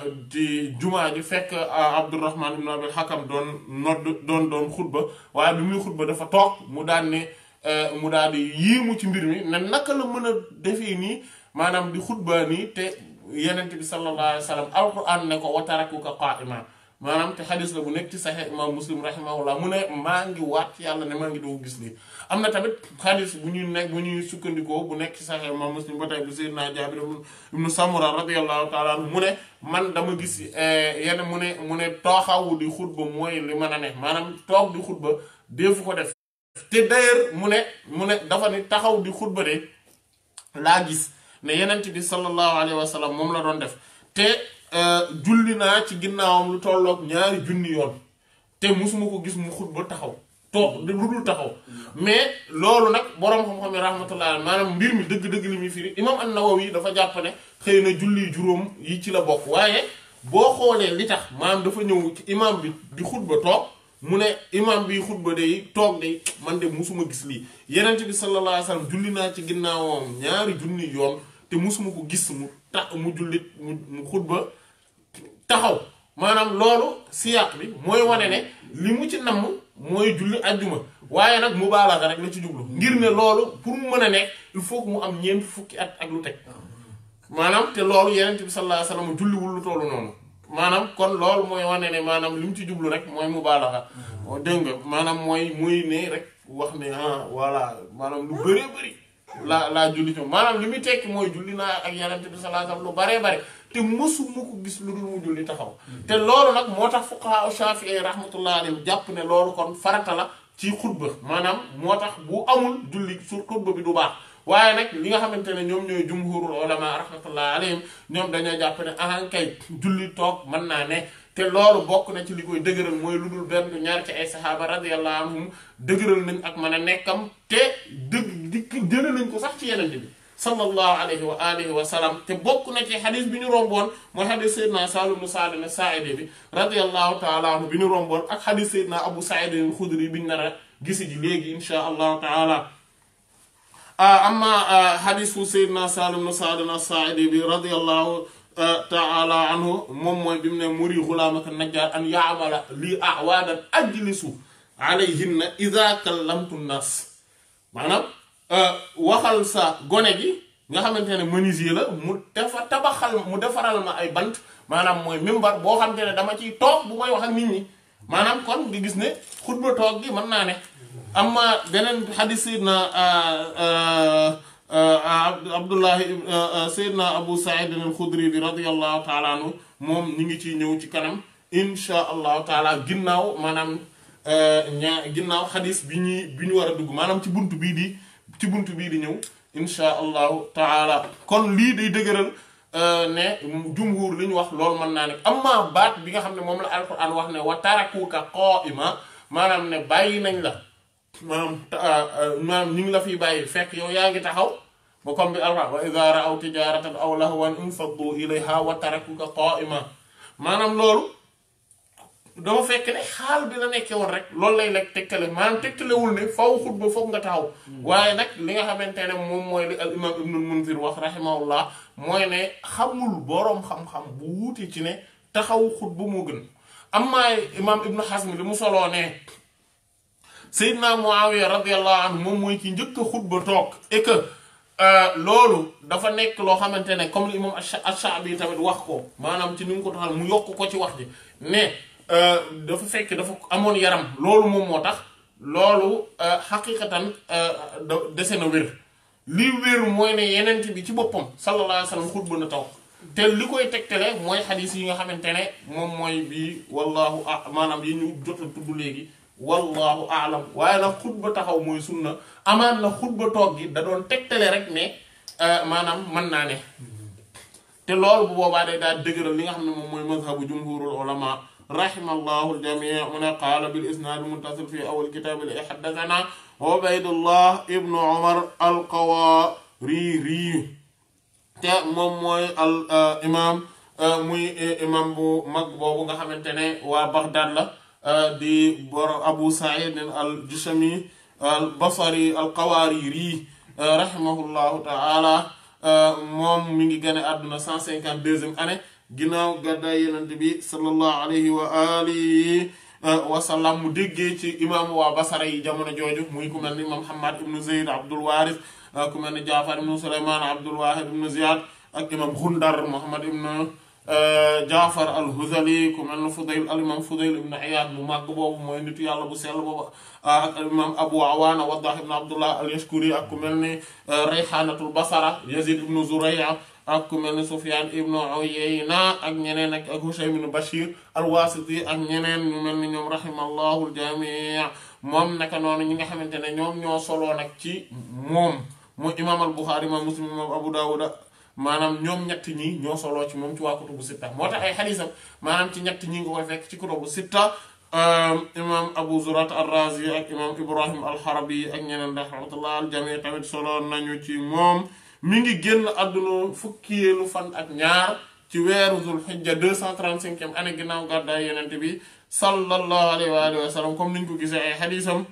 jumaa ji fekk euh, Abdurrahman ibn Abil Hakam doon nodd doon doon xutba waaye bi muy xutba dafa toog mu daan ne mu daal di yéemu ci mbir mi ne naka la mën a defee nii maanaam di xutba nii te yenent bi sallallahu alayhi wa sallam ne ko wa tarakuka qaa'ima manam te hadith la bu nek ci sahih imam muslim rahimahullah mune mangi wat yàlla ne mangi do doo gis lii am tamit hadith bu ñuy nek bu ñuy sukkandiko bu nek ci sahih imam muslim batay bu sirna jabir ibn samura radiyallahu taala mune man dama gis yeen mune mune toxawu di khutba moy li mën a ne maanaam toog di khutba defu ko def te dayer mune mune dafa ni taxaw di khutba de la gis ne yenenbi sallallahu alayhi wasallam mom la doon def te Euh, julli naa ci ginnaawam lu tollook ñaari junni yoon te mosuma ko gis mu taxaw toog lu taxaw mais loolu nag boroom xam-xam maanaam mbir mi dëgg-dëgg li muy firi imam an-Nawawi dafa jàpp ne na julli juróom yi ci la bokk waaye boo xoolee li tax maanaam dafa ñëw ci imam bi di xutba toog mu ne imam bi xutba day toog day man de musuma gis lii yenent bi sallallahu julli naa ci ginnaawam ñaari junni yoon te musuma ko gis mu ta mu jullit mu xutba taxaw maanaam loolu siyaaq bi mooy wane ne li mu ci namm mooy julli ajjuma waaye nag mu baalaga rek la ci jublu ngir ne loolu pour mu mën a nekk il foog mu am ñeent fukki at ak lu teg maanaam te loolu yenent bi sallallahu alayhi wasallam julliwul lu tollu noonu maanaam kon lool mooy wane ne maanaam li mu ci jublu rek mooy mu baalaga dégg maanaam mooy muy ne rek wax ne ah voilà maanaam lu bëree bëri laa laa julli ci maanaam li muy tekki mooy julli naa ak yenent bi sallallahu lu baree bare te mësuma ko gis lu dul mu julli taxaw te loolu nag moo tax fuqaha Shafi'i rahmatullahi alayhi jàpp ne loolu kon farata la ci xutba maanaam moo tax bu amul julli sur xutba bi du baax waaye nag li nga xamante ne ñoom ñooy jumhurul ulama rahmatullahi alayhim ñoom dañoo jàpp ne ahan kay julli toog mën naa ne te loolu bokk na ci li koy dëgëral mooy lu dul benn ñaar ci ay sahaaba radiyallahu anhum dëgëral nañ ak mën a nekkam te dëgg dikk jële nañ ko sax ci yeneen bi sallallahu alayhi wa alihi wa salam te bokku na ci hadith biñu rombon mo hadith sayyidina salim Saalu sa'idi bi radiyallahu taala anhu bi ñu ak hadith sayyidina Abu Saïd khudri bi nara gisi ji legi insha allah taala amma hadith sayyidina salim ibnu sa'idi bi radiyallahu taala anhu mom moy bi ne muri xulaamaka najjar an ya'mala li ahwaadan ajlisu alayhinna idha kallamtu nas manam Euh, waxal sa gone bi nga xamante ne menuisier la mu dafa tabaxal mu defaral ma ay bant maanaam mooy mimbar boo xamante ne dama ciy toog bu may wax ak nit ñi maanaam kon nga gis ne xutba toog gi mën naa ne amma beneen xadis sayidna euh, euh, abdullahi sayidna abu said al-xudri bi radiallahu taala moom ñi ngi ci ñëw ci kanam insha allahu ginnaaw maanaam ñaa ginnaaw xadis bi ñuy bi ñu war a dugg maanaam ci bunt bii bii ci bunt bii di ñëw insha allahu taala kon lii day dëgëral euh, ne jumhur li ñu wax loolu mën naa ne amma baat bi nga xam ne moom la alquran wax ne wa tarakuka qaa'ima maanaam ne bàyyi nañ la maanaam euh, euh, maanaam ñu ngi la fiy bàyyi fekk yow yaa ngi taxaw ba comme bi alquran wa idha ra'aw tijaratan aw lahwan infaddu ilayha wa tarakuka qaa'ima maanaam loolu dama fekk ne xaal bi la nekkee woon rek loolu lay lekk tegtale maanaam tegtalewul ne faw xutba foog nga taxaw hmm. waaye nag li nga xamante ne moom mooy li al imam ibnul munzir wax rahimahullah mooy ne xamul boroom xam bu wuute ci ne taxaw xutba moo gën am maay imam ibnu xasm li mu soloo ne Seydina Muawiya radiyallahu anhu moom mooy ci njëkk a xutba toog et que euh, loolu dafa nekk loo xamante ne comme li imam ash-Sha'bi tamit wax ko maanaam ci ni mu ko taxal mu yokk ko ci wax ji mais Euh, dafa fekk dafa amoon yaram loolu moom moo tax loolu euh, xaqiqatan euh, da dese na wér li wér mooy ne yenent bi ci boppam sallallahu alayhi wa sallam xutba na taw te li koy tegtale mooy xadis yi nga xamante ne moom mooy bii wallahu a maanaam yi ñu jot a tudd léegi wallahu waaye nag xutba taxaw mooy sunna amaan na xutba toog gi da doon tegtale rek ne maanaam mën naa ne te loolu bu boobaa day daal dëgëral li nga xam ne moom mooy mazhabu jumhurul ulama رحم الله الجميع هنا قال بالإسناد المنتصر في أول كتاب الإحدثنا عبيد الله ابن عمر القواري ري تأمموي الإمام موي إمام بو مقبوب وغامنتني وبغداد لا دي بور أبو سعيد الجشمي البصري القواري ري رحمه الله تعالى موم ميغي غاني ادنا 152 ane année ginnaaw gàddaay yenent bi sallallahu alayhi wa alihi eh, wasalaam mu déggee ci imaamu waa basara yi jamono jooju muy ku mel ni imaam Hamad ibnu Zayd Abdul Waaris eh, ku mel ni Jaafar ibnu Suleymaan Abdul Waahid ibnu Ziyaad ak imaam Gundar Muhammad ibnu eh, Jaafar al-Huzali ku mel ni Fudayl al imaam Fudayl ibnu Iyaad mu màgg boobu mooy nitu yàlla bu sell boobu ak imaam Abu Awaana Waddaah ibnu Abdullah al-Yashkuri ak ku mel ni Rayhaanatul Basara Yazid ibnu Zurayya ak ku mel ni Sufyaan ibnu Uyayna ak ñeneen ak ak Hushaym ibnu Bashir al-Wasiti ak ñeneen ñu mel ni ñoom rahimallahu al-jamii moom nak noonu ñi nga xamante ne ñoom ñoo soloo nag ci moom mu imaam al-Buxaari imaam Muslim imaam Abu Daawuda maanaam ñoom ñetti ñi ñoo soloo ci moom ci waa kutubu sitta moo tax ay xadiisam maanaam ci ñett ñi nga koy fekk ci kutubu sitta um, imam Abu Zurat ar-Razi ak imam Ibrahim al-Harabi ak ñeneen ndax rahmatullah al-jamii nañu ci moom mi ngi génn àdduna fukkeelu fan ak ñaar ci wéru zul hijja 235e année gadda yenen te bi sallallahu alaihi wa alihi wa sallam comme niñ ko gisee ay haditham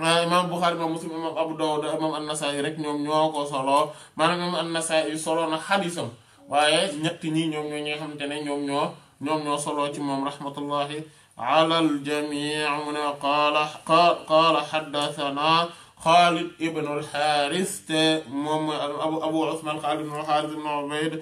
ah, imam bukhari imaam Muslim imam Abu Dawud imam an nasai rek ñom ñoko ko solo maanaam imaam an nasai solo na haditham waye ñet ñi ñom ñoo ñi nga ñom ñoo ñom ñoo solo ci mom rahmatullahi ala al jami' mu qala qala qaala خالد ابن الحارث مم أبو أبو عثمان خالد بن الحارث بن عبيد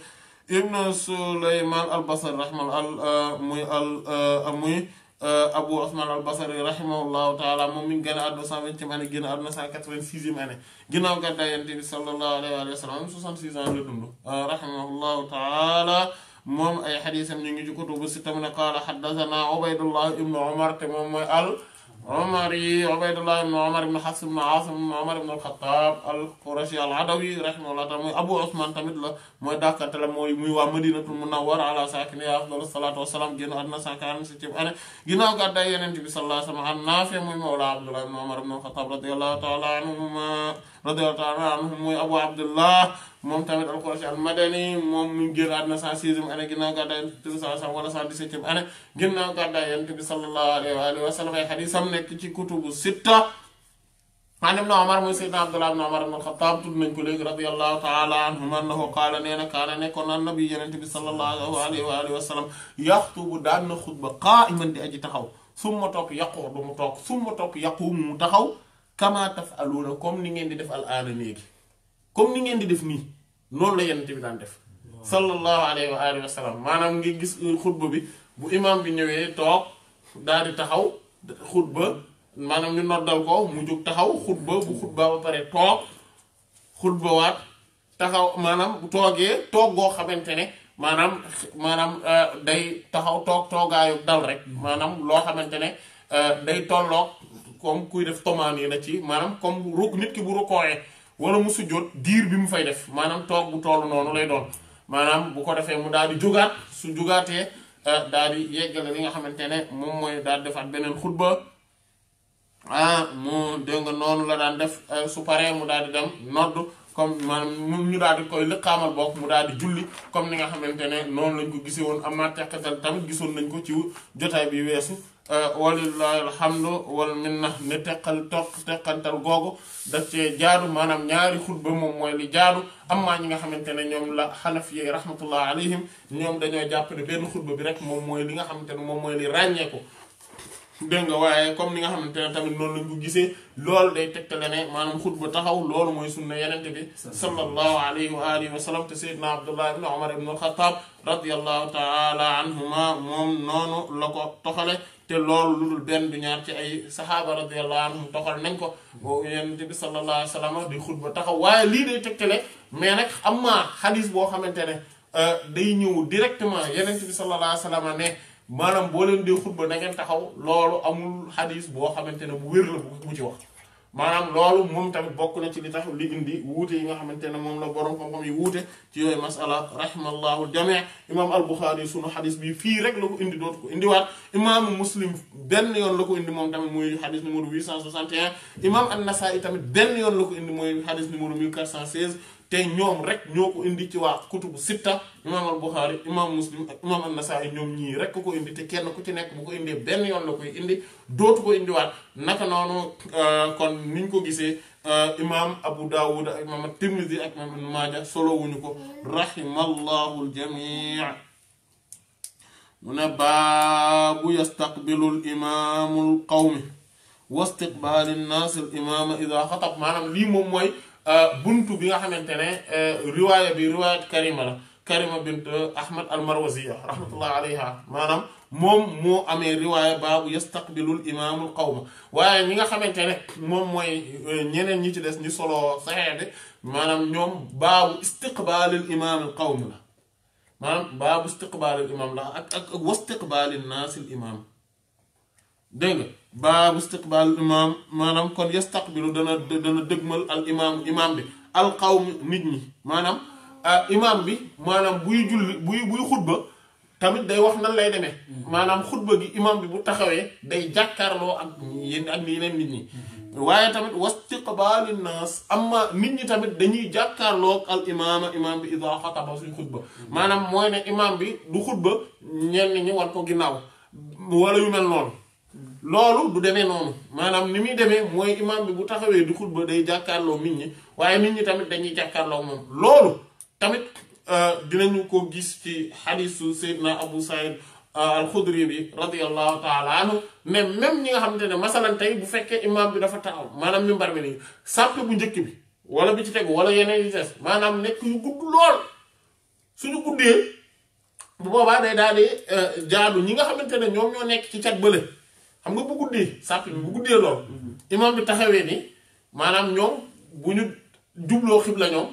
ابن سليمان البصري رحمه الله آه، مي آه، آه، أبو عثمان البصري رحمه الله تعالى ممن جن أرض سامين تمانة جن أرض سان كتبين سيزي مانة جن أو كتاب ينتمي صلى الله عليه وسلم سوسم سيزان لدمه رحمه الله تعالى مم أي حديث من يجوك تبص تمنا قال حدثنا عبيد الله ابن عمر تمام ال Omar yi Ubaydullah ibn Omar ibn Hafs ibn Asim ibn Omar ibn al-Khattab al-Qurashi al-Adawi rahimahullah taala mooy Abu Osman tamit la mooy dàkkante la mooy muy waa Madinatul Munawwara ala saakinihaa afdalu salaatu wa salaam génn àdduna 147 année ginnaaw gàddaay Yonent bi sallallahu alayhi wa sallam Naafi muy mawla Abdullah ibn Omar ibn al-Khattab radiyallahu taala anhuma radiyallahu taala anhum mooy Abu Abdullah moom tamit al-Qurashi al-Madani moom mi ngi génn àdduna 106e année ginnaaw gàddaay Yonent bi sallallahu alayhi wa sallam wala 117e année ginnaaw gàddaay Yonent bi sallallahu alayhi wa sallam ay xadiisam nekk ci kutubu sitta an ibn Umar mooy Seydina Abdullah ibn Umar ibn al-Khattab tudd nañ ko léegi radiyallahu ta'ala anhuma annahu qaala nee na kaana nekkoon na nabi Yonent bi sallallahu alayhi wa sallam yaxtubu daan xutba qaa'iman di aji taxaw summa topp yaquudu mu toog summa topp yaquumu mu taxaw kama taf'aluuna comme ni ngeen di def al-aana léegi comme ni ngeen di def nii loolu la yonent bi daan def sallallahu alayhi wa maanaam ngi gis xutba bi bu imaam bi ñëwee toog daal di taxaw xutba maanaam ñu noddal ko mu jóg taxaw xutba bu xutba ba pare toog xutba waat taxaw maanaam bu toogee toog goo xamante ne maanaam maanaam euh, day taxaw toog toogaayu dal rek hmm. maanaam loo xamante ne euh, day tolloog comme kuy def tomaan yi na ci maanaam comme ruk nit ki bu rukkooyee wala mu sujjóot diir bi mu fay def maanaam toog bu toolu noonu lay doon maanaam bu ko defee mu daal di jógaat su jógaatee eh, daal di yeggale li nga xamante ne moom mooy daal di defaat beneen xutba ah mu dégg nga noonu la daan def eh, su paree mu daal di dem nodd comme maanaam mu ñu daal di koy lëqaamal bokk mu daal di julli comme li nga xamante ne noonu lañ ko gisee woon am naa teqatal tamit gisoon nañ ko ci jotaay bi weesu Euh, walillahi alhamdu wal minna ne teqal toq teqantal googu daf cee jaadu maanaam ñaari xutba moom mooy li jaadu amma ñi nga xamante ne ñoom la xanaf yi rahmatullah ñoom dañoo jàpp ne benn xutba bi rek moom mooy li nga xamante ne moom mooy li ràññeeku dégg nga waaye comme ni nga xamante ne tamit noonu lañ ko gisee loolu day tegtale ne maanaam xutba taxaw loolu mooy sunna yenente bi sallallahu alayhi wa alihi wa sallam te sayyidna abdullah ibn umar ibn alxataab radiallahu taala anhuma moom noonu la ko toxale te loolu lu dul benn du ñaar ci ay saxaaba radiyallahu anhum doxal nañ ko boo yonent bi sallallahu alayhi wa di xutba taxaw waaye lii day tegtale mais nag am naa xadis boo xamante ne euh, day ñëw directement yonent bi sallallahu alayhi ne maanaam boo leen dee xutba na ngeen taxaw loolu amul xadis boo xamante ne bu wér la bu ci wax maanaam loolu moom tamit bokk na ci li tax li indi wuute yi nga xamante ne moom la borom xam-xam yi wuute ci yooyu masala rahimallahu jamii imaam al-Bukhari sunu xadis bi fii rek la ko indi dootu ko indiwaat imaamu muslim benn yoon la ko indi moom tamit muy xadis numéro 861 imaam an-Nasaa'i tamit benn yoon la ko indi mooy xadis numéro 1416. te ñoom rek ñoo ko indi ci waa kutubu sitta imaam al buxaari imaam muslim imaam an-nasaa'i ñoom ñii rek ko indi te kenn ku ci nekk bu ko indee benn yoon koy indi dootu ko indiwaat naka noonu euh, kon niñ ko gisee euh, imaam abu daawud ak imaam at-tirmidhi ak imaam ibn maaja ko rahimallahu al-jamii mu ne baabu yastaqbilu maanaam lii moom mooy buntu bi nga xamantene riwaya bi riwaayat karima la karima bint ahmad al marwaziya rahmatullah alayha manam mom mo amé riwaya babu yastaqbilul imam al qawm waye ñi nga xamantene mom moy ñeneen ñi ci dess ñu solo saxee manam ñom babu istiqbalul imam al qawm la maanaam baabu istiqbaalil imaam la ak ak wastiqbaalin naasil imaam dégg nga baabu istiqbaal imaam maanaam kon yastaqbilu dana dana dëgmal al imaam imaam bi al qawm nit ñi maanaam ah, imaam bi maanaam buy julli buy buy xutba tamit day wax nan lay demee maanaam xutba gi imaam bi bu taxawee day jàkkaarloo ak yéen ak yeneen nit ñi waaye tamit wastiqbaali am amma nit ñi tamit dañuy jàkkaarloo al imaama imaam bi idaa xataba xutba maanaam mooy ne imaam bi du xutba ñenn ñi war ko ginnaaw wala yu mel noonu loolu du demee noonu maanaam ni muy demee mooy imaam bi bu taxawee di xutba day jàkkaarloo nit ñi waaye nit ñi tamit dañuy jàkkaarloo moom loolu tamit euh, ñu ko gis ci xadisu Seydina Abu Saïd euh, al-Xudri bi radiyallahu taala anhu mais même ñi nga xamante ne masalan tey bu fekkee imaam bi dafa taxaw maanaam mi mbari mi nii sàpp bu njëkk bi wala bi ci tegu wala yeneen yi des maanaam nekk yu gudd lool suñu guddee bu boobaa day daal di euh, jaadu ñi nga xamante ne ñoom ñoo nekk ci cat bële. xam nga bu guddee sàpp bi bu guddee lool mhm. imaam bi taxawee ni maanaam ñoom bu ñu jubloo xibla ñoom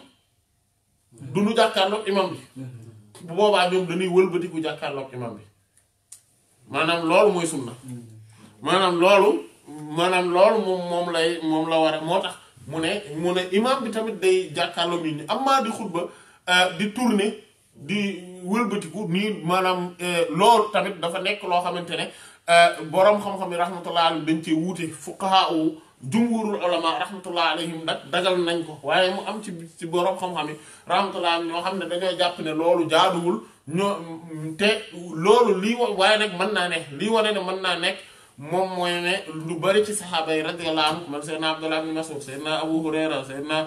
du ñu jàkkaarloog imaam bi mhm. bu boobaa ñoom dañuy wëlbatiku jàkkaarloog imaam bi maanaam loolu mooy sunna mhm. loolu maanaam loolu moom lay moom la war a moo tax mu ne mu ne imaam bi tamit day jàkkaarloog nit am maa di xutba euh, di tourner di wëlbatiku nii maanaam euh, loolu tamit dafa nekk loo xamante ne Eh, boroom xam-xam yi rahmatullah alayhim dañ ci wuute fuqaha u jumhurul ulama rahmatullah alayhim nag dagal nañ ko waaye mu am ci ci boroom xam-xam yi rahmatullah ñoo xam ne dañoo jàpp ne loolu jaaduwul ñoo te loolu lii wa waaye nag mën naa ne lii wane ne mën naa nekk moom mooy ne lu bari ci saxaaba yi radiyallahu anhum man sayyidina naa ibn Mas'ud sayyidina Abu Hurayra sayyidina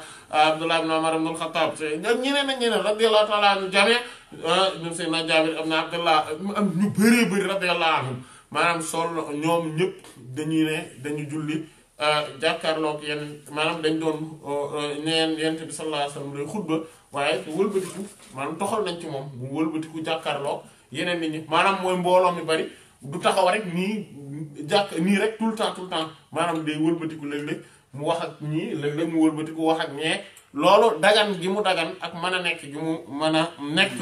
Abdullah ibn Umar ibn al-Khattab ak ñeneen ak ñeneen radiyallahu ta'ala anhu jame eh, ñoom sayyidina Jaabir am ñu bëree bëri radiyallahu anhum maanaam sol ñoom ñëpp dañuy ne dañu julli euh, jàkkaarloog yenn maanaam dañ doon euh, neen yent bi sallallahu alayhi wasallam lay xutba waaye wëlbatiku maanaam toxal nañ ci moom mu wëlbatiku jàkkaarloog yeneen nit ñi maanaam mooy mbooloo mi bari du taxaw rek nii jàkk nii rek tout le temps tout temps maanaam day wëlbatiku léeg-léeg mu wax ak ñii léeg-léeg mu wëlbatiku wax ak ñee loolu dagan gi mu dagan ak mën a nekk gi mu mën a nekk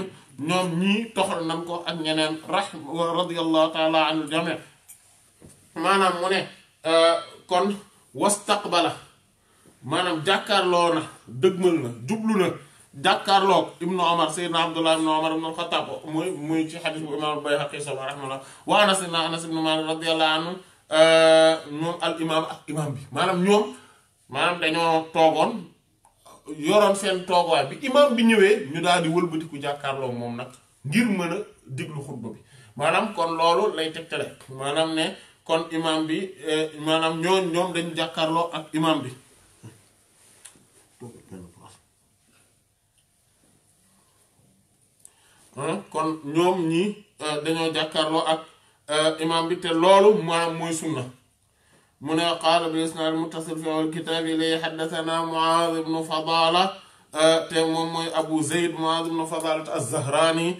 ñom ñi toxal nam ko ak ñeneen rahim radiyallahu taala anil jami manam mu ne euh, kon wastaqbala manam jakarlo na deggmal na jublu na jakarlo ibnu umar sayyidna abdullah ibn umar no khattab moy moy ci hadith bu imam bayhaqi sama rahmatullah wa anas ibnu anas ibn malik radiyallahu anhu moom euh, al imam ak imam bi manam ñom manam dañoo togon yoroon seen toogaay bi imaam bi ñëwee ñu daal di wëlbatiku jàkkaarloo moom nag ngir mën a diglu xutba bi maanaam kon loolu lay tegtale maanaam ne kon imaam bi eh, maanaam ñoo ñoom dañu jàkkaarloo ak imaam bi kon ñoom ñi eh, dañoo jàkkaarloo ak eh, imaam bi te loolu maanaam mooy sunna من قال بالإسناد المتصل في أول الكتاب إليه حدثنا معاذ بن فضالة تيمم أبو زيد معاذ بن فضالة الزهراني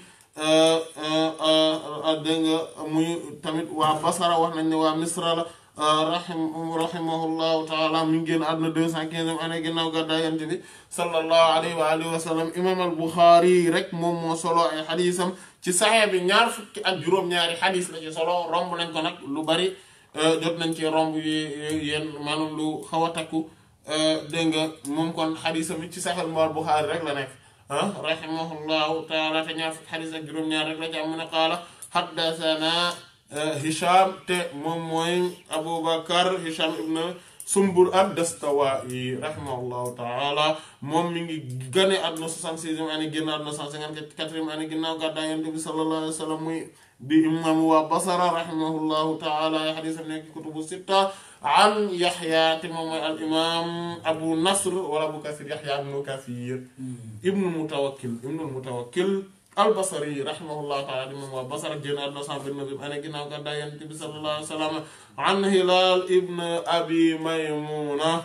أدنى مي تمت وبصرة وحنا ومصر رحم رحمه الله تعالى من جن أدنى دوس عن أنا جن وقد ينتبه صلى الله عليه وآله وسلم إمام البخاري رك مم وصلى حديثم تسعى بنعرف أجرم نعرف حديث لجسلا رم لنكنك لبري Euh, jot nañ ci romb yi yéen maanaam lu xaw a takku euh, dégg nga moom kon xadisam ci saxal mbaal Buxaari rek la nekk ah, rahimahullahu taala te ñaar fukki xadis juróom-ñaar rek la ci am mun a qaala xaddasana euh, Hisham te moom mooy Aboubacar Hisham ibn Sumbur ad-Dastawaa'i rahimahullahu taala moom mi ngi gane àdduna 66e année génn àdduna 154e année ginnaaw gàddaay Yonent bi muy بإمام وبصر رحمه الله تعالى حديث النبي كتب الستة عن يحيى تمام الإمام أبو نصر ولا أبو كثير يحيى ابن كثير ابن المتوكل ابن المتوكل البصري رحمه الله تعالى إمام وبصر جن أرض صاحب النبي أنا جن أقعد ينتبه صلى الله عليه وسلم عن هلال ابن أبي ميمونة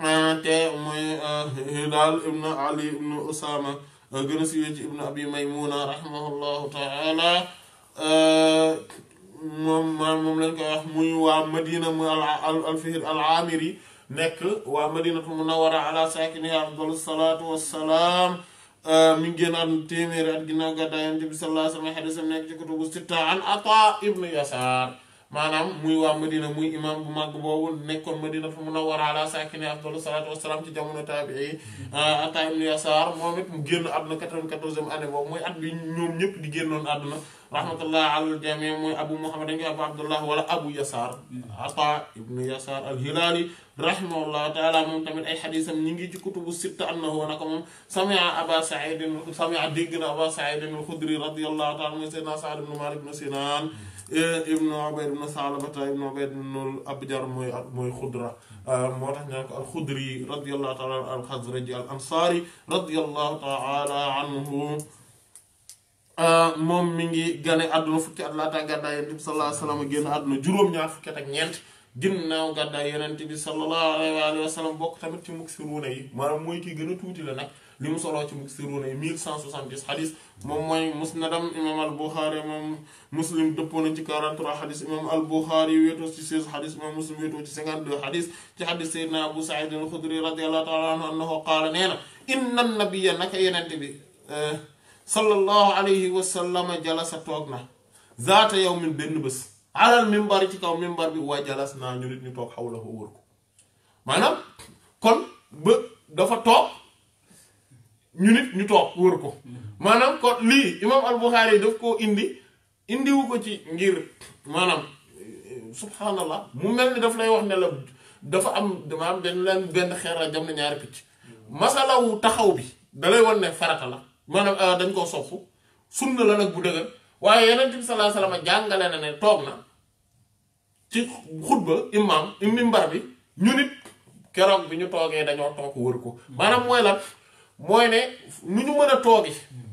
أنت آه، آه، هلال ابن علي ابن أسامة gën a siiwee ci ibnu abi maymuna rahimahullahu taala moom maanaam moom lañ muy waa madina mu alfihir alaamiri nekk waa madinatu munawwara ala saakiniha afdalu salaatu wassalaam mi ngi génnaat téeméeri at ginnaaw gàddaay yonent bi sallallahu alayhi wa sallam xadisam nekk ci kutubu sitta an ata ibnu yasaar maanaam muy waa madina muy imam bu màgg boobu nekkoon madina fa munawwara ala saakini afdalu wa wasalaam ci jamono taabii ah, Ataa ibnu Yasaar moom it mu génn àdduna 94e année boobu mooy at bi ñoom ñëpp di génnoon àdduna rahmatullah alal jamii abu muhammad dañ abu abdullah wala abu yasaar ataa ibnu yasaar al hilaali rahimahullah taala moom tamit ay xadisam ñi ngi ci kutubu sitta annahu naka moom samia aba saidin samia dégg na aba saidin al xudri radiallahu taala mooy seydna saad Eh, ibnu Ubayd ibnu Salabata ibnu Ubayd ibnu Abjar mooy mooy Xudra eh, moo tax ñu naan ko al-Xudri radiyallahu taala anhu al-Xazraji al-Ansaari radiyallahu taala anhu eh, moom mi ngi gane àdduna fukki at laata gàddaay Yonent bi sallallahu alayhi wa sallam génn àdduna juróom-ñaar fukki at ak ñeent ginnaaw gàddaay Yonent bi sallallahu alayhi wa sallam bokk tamit ci muksiruuna yi maanaam mooy kii gën a tuuti la nag. li mu soloo ci muksiruuna yi 1170 xadis moom mooy musnadam imam al buxaari moom muslim dëppoo na ci 43 xadis imam al buxaari wéetoo ci 16 xadis imam muslim wéetoo ci 52 xadis ci xadis saydna abu said xudri radiallahu taala anhu annahu qaala nee na inna nabiya naka yenente bi eh, sallallahu alayhi wa sallama jalasa toog na zaata yawmin benn bés alal mimbar ci kaw mimbar bi waa jalas naa ñu nit toog xawla ko wër ko ñu nit ñu toog wër ko maanaam kon lii imam al-Bukhari daf koo indi indiwu ko ci ngir maanaam subhanallah mu mel ni daf lay wax ne la dafa am maanaam dañ leen benn xeer la jam na ñaari picc masalawu taxaw bi da lay wan ne farata la maanaam euh, dañ koo sopp sunna la nag bu dëgër waaye yeneen bi sallallahu alayhi wasallam jàngale na ne toog na ci xutba imam imimbar bi ñu nit keroog bi ñu toogee dañoo toog wër ko maanaam mooy la mooy ne nu ñu mën a toogi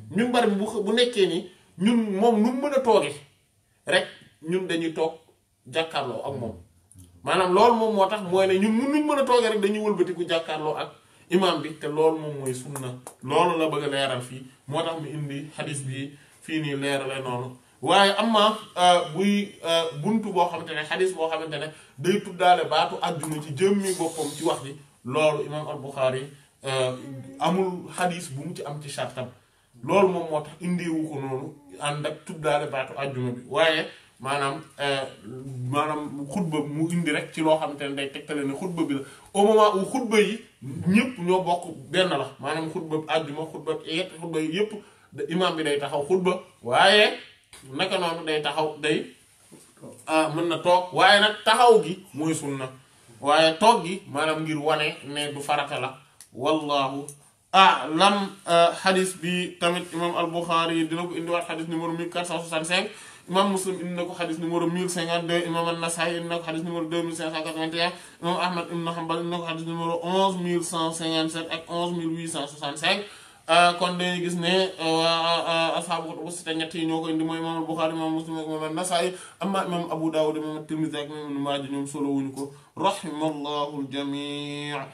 mimbar bi bu bu nekkee nii ñun moom nu mën a toogi rek ñun dañuy toog jàkkaarloo ak moom maanaam loolu moom moo tax mooy ne ñun mun nuñ mën a toogi rek dañuy wëlbatiku jàkkaarloo ak imaam bi te loolu moom mooy na loolu la bëgg a leeral fii moo tax mu indi xadis bii fii nii leerale noonu waaye am na euh, buy euh, buntu boo xamante ne xadis boo xamante ne day tuddaale baatu àdduna ci jëmmi boppam ci wax bi loolu imaam al Euh, amul xadis bu mu ci am ci sartam loolu moom moo tax indiwu ko noonu ànd ak tuddaale baatu àjjuma bi waaye maanaam euh, maanaam xutba mu indi rek ci loo xamante ne day tegtale ne xutba bi la au moment xutba yi ñëpp ñoo bokk benn la maanaam xutba àjjuma xutba yett xutba yi yëpp imaam bi day taxaw xutba waaye naka noonu day taxaw day ah, mën na toog waaye nag taxaw gi mooy sunna waaye toog gi maanaam ngir wane ne du farata la wallahu alam xadis euh, bi tamit imam al buxaari yi dina ko indiwaat xadis numéro 1465 imam muslim indi na ko xadis numéro 1052 imam an nasaayi indi na ko xadis numéro 2581 imam ahmad ibn hanbal indi na ko xadis numéro 11157 ak 11865 euh, kon dañuy gis ne euh, asxaabu kutubu sita ñett yi ñoo ko indi mooy imam al buxaari imam muslim ak imam an nasaayi abu daawud imam tirmisi ak imam ibn maaja ñoom solo wuñu ko rahimallahu al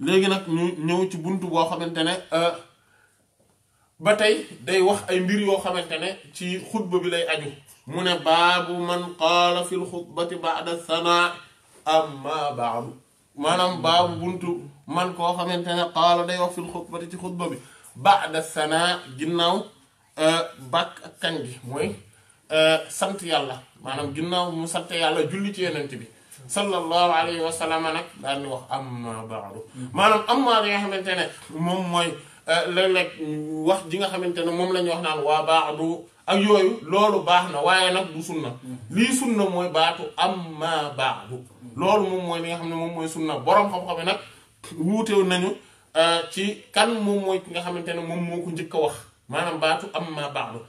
léegi nag ñu ñëw ci bunt boo xamante ne euh, ba tey day wax ay mbir yoo xamante ne ci xutba bi lay aju mu ne baabu man qaala fil xutbati ba'da sanaa amma ba'du maanaam baabu buntu man koo xamante ne qaala day wax fil xutbati ci xutba bi ba'da sanaa ginnaaw euh, bàkk ak kañ bi mooy euh, sant yàlla maanaam ginnaaw mu sant yàlla julli ci yenent bi sallallahu alayhi wa sallam nag daal di wax amma baadu maanaam amma li nga xamante ne moom mooy euh, léeg-léeg wax ji nga xamante ne moom la wax naa waa baadu ak yooyu loolu baax na waaye nag du sunna lii sunna mooy baatu amma baadu loolu moom mooy li nga xam ne moom mooy sunna boroom xam-xam yi nag wuutew nañu euh, ci kan moom mooy ki nga xamante ne moom moo ko njëkk a wax maanaam baatu amma baadu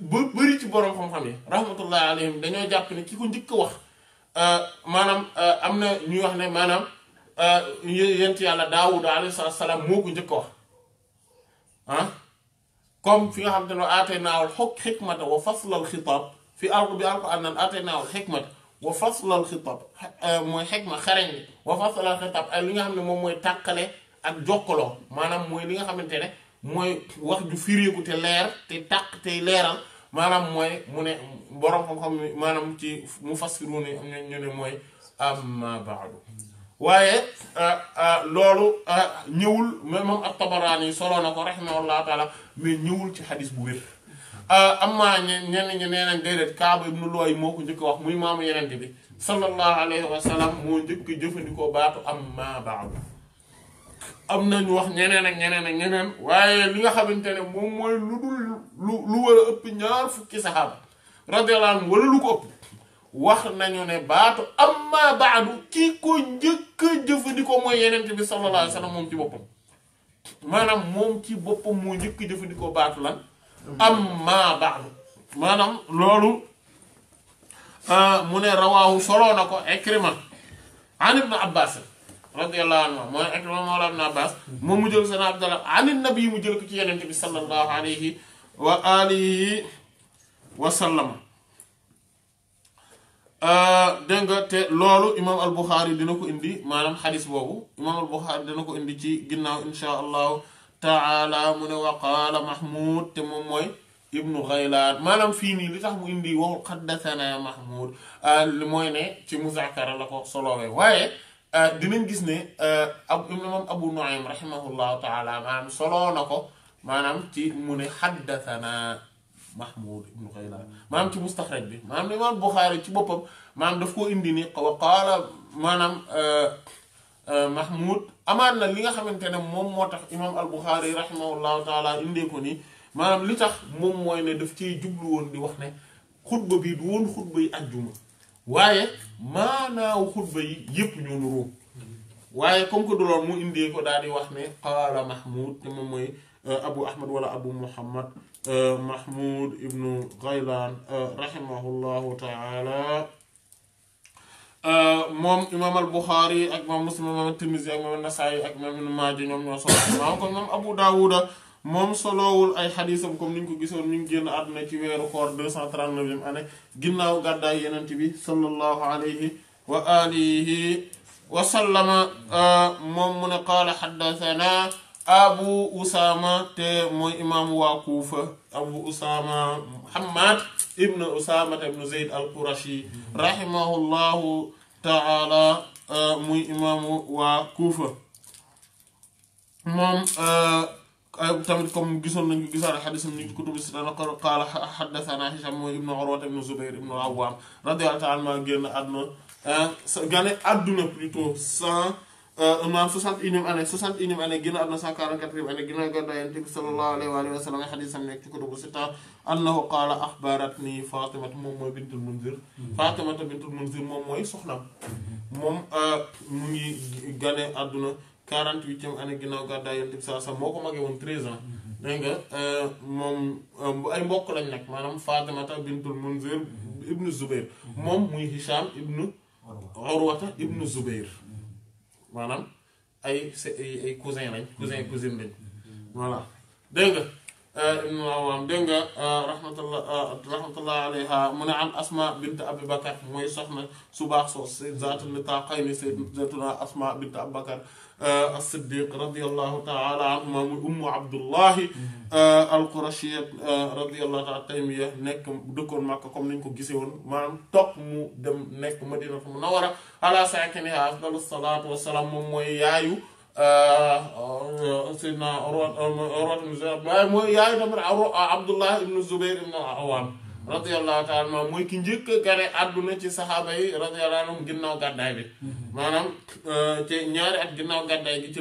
ba bëri ci boroom xam-xam yi rahmatullahi alayhim dañoo jàpp ne ki ko njëkk Euh, maanaam euh, am na ñuy wax ne maanaam euh, yent yàlla daawuda alayhi salaam moo ko njëkk wax ah? comme fi nga xam te ne aatee naawal xog xikmata wa faslal xitaab fi alko bi alko ànd naan aatee naawal xikmata wa faslal xitaab eh, mooy xikma xarañ bi wa faslal xitaab ay li nga xam ne moom mooy tàqale ak jokkaloo maanaam mooy li nga xamante ne mooy wax ju firéeku te leer te tàq tey leeral maanaam mooy mu ne borom xam-xam maanaam ci mu fassiru ne ñu ne mooy amma baadu waaye loolu ñëwul moom at-Tabaraani solo na ko rahimahullahu taala mais ñëwul ci xadis bu wér amma ñenn ñi nee nañ déedéet Kaaba ibnu Looy moo ko njëkk wax muy maamu yeneen bi sallallahu alayhi wa moo njëkk jëfandikoo baatu amma baadu am na nañu wax ñeneen ak ñeneen ak ñeneen waaye li nga xamante ne moom mooy lu dul lu lu war a ëpp ñaar fukki saxaaba radiyallahu anhu wala lu ko ëpp wax nañu ne baatu amma baadu ki ko njëkk jëfandikoo mooy yeneen bi sallallahu alayhi wa moom ci boppam maanaam moom ci boppam moo njëkk jëfandikoo baatu lan amma baadu maanaam loolu ah, mu ne rawaahu soloo na ko Ikrima an ibn Abbas radiyallahu anhu mooy Ikrima mawla moom mu jël sana Abdallah anin mu bi sallallahu alayhi wa alihi wa sallam euh, ko indi maanaam xadis ci ginnaaw insha ne wa qaala Mahmoud te moom mooy ibnu Ghaylaan maanaam fii nii li tax mu indi waxul xaddasanaa Mahmoud euh, mooy ne ci muzaakara la ko solowee waaye dinañ gis ne ab imam abu nuaym rahimahullahu taala maanaam solo nako manam ci mu ne xaddathana mahmud ibn xaylaan manam ci mustakhraj bi maanaam imam bukhari ci bopam manam daf ko indi ni wa qaala maanaam mahmud amana li nga xamantene mom motax imam al bukhari rahimahullahu taala indee ko ni manam li tax mom moy ne daf ci djublu won di wax ne khutba bi du woon xutba yi aljuma waaye maanaaw khutba yi yep ñu ñu ru waye comme que du lool mu indi ko daal di wax ne qala mahmud te mom moy abu ahmad wala abu muhammad mahmud ibn gaylan rahimahullahu taala mom imam al bukhari ak mom muslim imaam tirmisi ak mom nasai ak mom ibnu maaja ñoom ñoo solo maam ko moom abu daawuda mom solo wul ay haditham comme niñ ko gisoon ñu ngi génn àdduna ci wéru koor 239e ane ginnaw gadda yenent bi sallallahu alayhi wa alihi wa sallama mom mun qala hadathana abu usama te moy imam wa kufa abu usama muhammad ibn usama ibn zayd al qurashi rahimahullahu taala moy imam wa kufa mom أيوب تامر كم جسر نجى جسر الحديث من كتب السنة قال حدثنا هشام ابن عروة ابن زبير ابن عوام رضي الله تعالى عنه جن أدنى جن أدنى بريتو سان أنا سوسان إنيم أنا سوسان إنيم أنا جن أدنى سان كارن كتب أنا جن أدنى ينتهي صلى الله عليه وآله وسلم الحديث من كتب السنة أنه قال أخبرتني فاطمة مم بنت المنذر فاطمة بنت المنذر مم ويسخنا مم ااا جن أدنى 48 e ane ginnaw gadda yonent bi sa moko magé won 13 ans dégg nga mom ay mbokk lañ nag maanaam Fatimata bintul Munzir ibnu Zubair mom muy Hisham ibnu Urwata ibnu Zubair manam ay ay cousin lañ cousin cousin lañ voilà deng nga ibnu awam deng nga rahmatullah rahmatullah alayha mun ne am asma bint abi bakar moy soxna subax so zatul si taqayni sayyidatuna asma bint abi bakar الصديق رضي الله تعالى عنه أم عبد الله القرشية رضي الله تعالى تيمية نك دكون معك كم نكو جسون ما نتوق مو دم نك مدينة منورة على ساكنها أفضل الصلاة والسلام مو سيدنا روح روح مزار مو يايو عبد الله بن الزبير بن العوام radiyallahu taala mooy ki njëkk a gane àdduna ci saxaaba yi radiyallahu anhum ginnaaw gàddaay bi maanaam euh, at ginnaaw gàddaay gi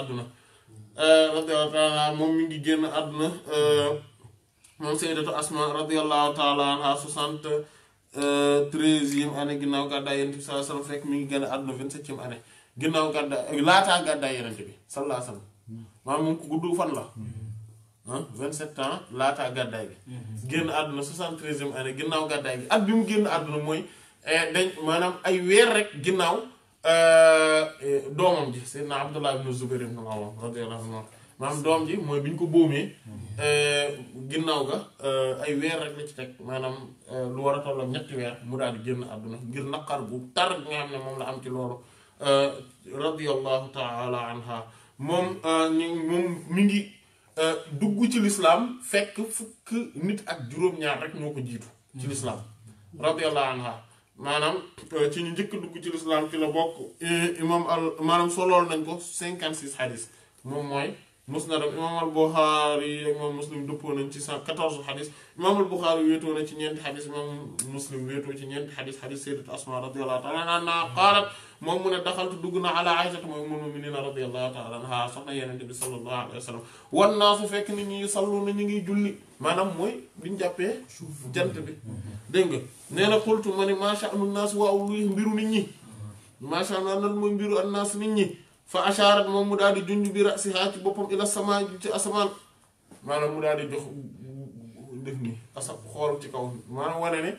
àdduna euh, radiyallahu moom mi ngi génn àdduna euh, moom sayyidatu asma radiyallahu taala anha soixante treizième année ginnaaw gàddaay yonent bi sallallahu alayhi fekk mi ngi gane àdduna vingt-septième année ginnaaw gàddaay laataa gàddaay yonent bi sallallahu moom ko gudd fan la vingt 27 ans laataa gàddaay gi. Mhm. génn àdduna 73e année ginnaaw gàddaay gi ak bi mu génn àdduna mooy eh, dañ maanaam ay weer rek ginnaaw euh, eh, doomam ji Seydina Abdullah ibn Zubayr ibn Awwam radiyallahu anhu maanaam doom ji mooy bi ñu ko boomee mhm. eh, ginnaaw ga euh, ay weer la ci teg maanaam euh, lu war a toll ak weer mu daal di génn àdduna ngir bu tar nga moom la am ci loolu radiyallahu taala moom ñu ngi. Euh, dugg ci lislaam fekk fukk nit ak juróom-ñaar rek ñoo ko jiitu ci lislaam radiallahu anha maanaam euh, ci ñu njëkk dugg ci lislaam ci la bokk imam al maanaam solool nañ ko cinquante six xadis moom mooy musnadam imaam al buxaari ak imaam muslim dëppoo nañ ci cent quatorze xadis imaam al buxaari wéetoo na ci ñeenti xadis imaam muslim wéetoo ci ñeenti xadis xadis sayyidat asma radiallahu taala anha qaalat moom mu ne daxaltu dugg na ala aysata mooy ummul mu'miniina radiyallahu na anha soxna yenente bi sallallahu alayhi wa sallam wan naa su fekk sallu na ñu ngiy julli maanaam mooy biñu jàppee jant bi dégg nga nee na xultu ma ni macha allah naas waaw mbiru nit ñi macha allah nan mooy mbiru an naas nit ñi fa asharat moom mu daal di junj bi rasiha ci boppam ila sama ci asamaan maanaam mu daal di jox def nii asa xool ci kaw maanaam wane ne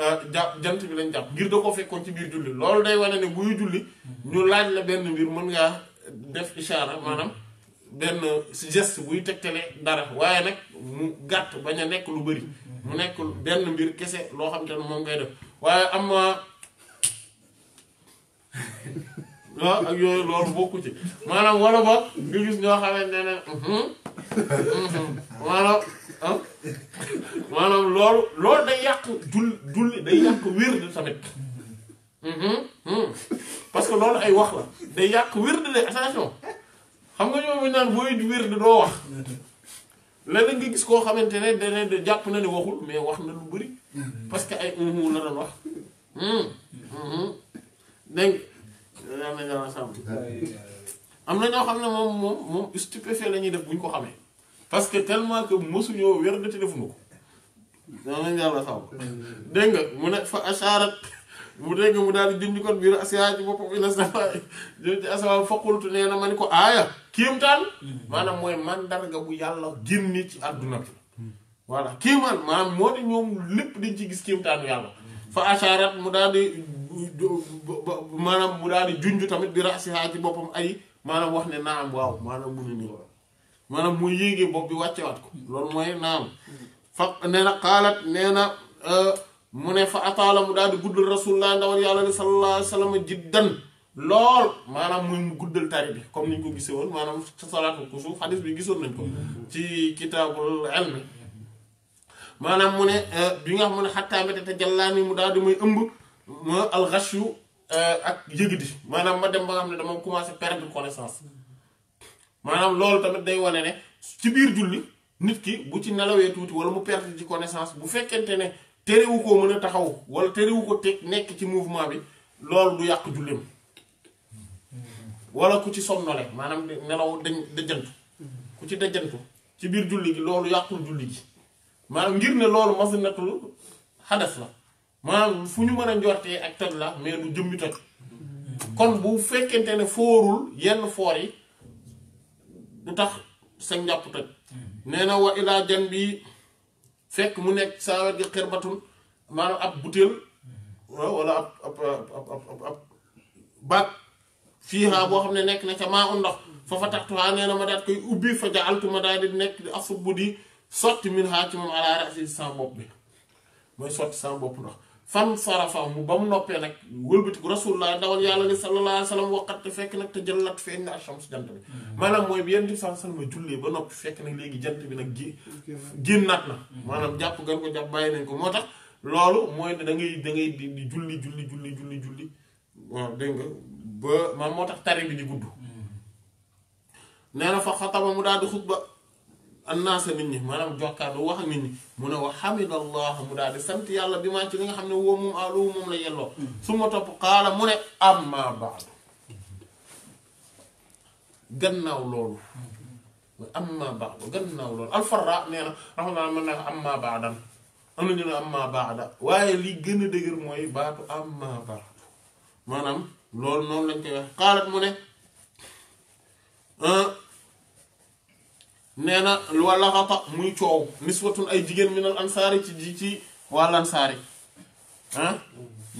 Euh, jàpp jant bi lañ jàpp ngir da koo fekkoon ci biir julli loolu day wane ne buy julli ñu laaj la benn mbir mën ngaa def ishaara maanaam benn geste buy tegtale dara waaye nag mu gàtt bañ a nekk lu bari mu nekk benn mbir kese loo xam ne moom ngay def waaye am na ak yooyu loolu bokku ci maanaam wala ba nga gis ñoo xamante ne maanaam mhm, Ah. maanaam loolu loolu day yàq julli julli day yàq wird tamit mhm, mhm. parce que loolu ay wax la day yàq wird de attention xam nga ñoom ñu naan booy wird doo wax leneen nga gis koo xamante ne dana jàpp na ne waxul mais wax na lu bari que ay umu mhm, am na ñoo xam ne moom moom moom stupéfait la ñuy def buñ ñu ko xamee parce que tellement que mosuñoo wér dati defuñu ko danañ yàlla xam dégg nga mu ne mu dégg ci boppam ci gis kéemtaanu yàlla fa ashaarat mu daal mu daal di tamit biiru asiyaa ci boppam ay maanaam wax ne naam waaw maanaam mu ne nii maanaam mooy yéegee bopp bi wàccewaat ko loolu mooy naam fa nee na xaalat nee na euh, mu ne fa ataala mu daal di guddal rasulullah ndawal yàlla li sallallahu alayhi wa sallam jiddan lool maanaam mu guddal tari bi comme niñ ko gisee woon maanaam salaatul kusuuf xadis bi gisoon nañ ko ci kitaabul ilmi maanaam mu ne euh, bi nga xam ne xattaa mbete te ni mu daal di muy ëmb ma alxashu euh, ak yëgidi maanaam ma dem ba nga xam ne dama commencé perdre connaissance maanaam loolu tamit day wane ne ci biir julli nit ki bu ci nelawee tuuti wala mu perte ci connaissance bu fekkente ne terewu ko mën a taxaw wala terewu ko teg nekk ci mouvement bi loolu du yàq jullim wala ku ci somnole maanaam nelaw dañ dëjantu ku ci dëjantu ci biir julli gi loolu yàqul julli gi maanaam ngir ne loolu masinatul xadas la maanaam fu ñu mën a njortee ak toj la mais lu jëmmi toj kon bu fekkente ne foorul yenn foor yi du tax sa njàpp toj nee wa ilaa jan bi fekk mu nekk saa wet gi xirbatun maanaam ab butéel wala ab ab ab ab baat fii haa boo xam ne nekk na ca maa un ndox fa fa taxtuwaa nee ma daat koy ubbi fa jaaltu ma daal di nekk di asub bu di sotti min haa ci moom alaara si sama bopp bi mooy sotti sama bopp ndox fan sarafa mu ba mu noppee nag wëlbatiku rasulullah dawal yàlla li mm. sallallahu alayhi wa sallam waqat te fekk nag te jëllat feeñ na achams jant bi maanaam mooy bi yenti san salma jullee ba noppi fekk nag léegi jant bi nag gi génnaat na mm. maanaam jàpp gan ko jàpp bàyyi nañ ko moo tax loolu mooy ne da ngay da ngay di julli julli julli julli julli dégg nga ba maam moo tax tari bi di gudd mm. nee fa xataba mu daal di xutba annaasa nit ñi maanaam jokkaarlu wax ak nit mu ne wa hamidallah mu daal di sant yàlla bi maa ci li nga xam ne woo moom ah aluhu mu ne amma baadu gannaaw loolu amma na raxamaa mën am na ñu waaye li gën a mooy baatu amma baadu maanaam lañ koy wax xaalat mu ne ah, nee na wala xata muy coow niswatun ay jigéen minal ansaari ci ji ci wàll ansaari ah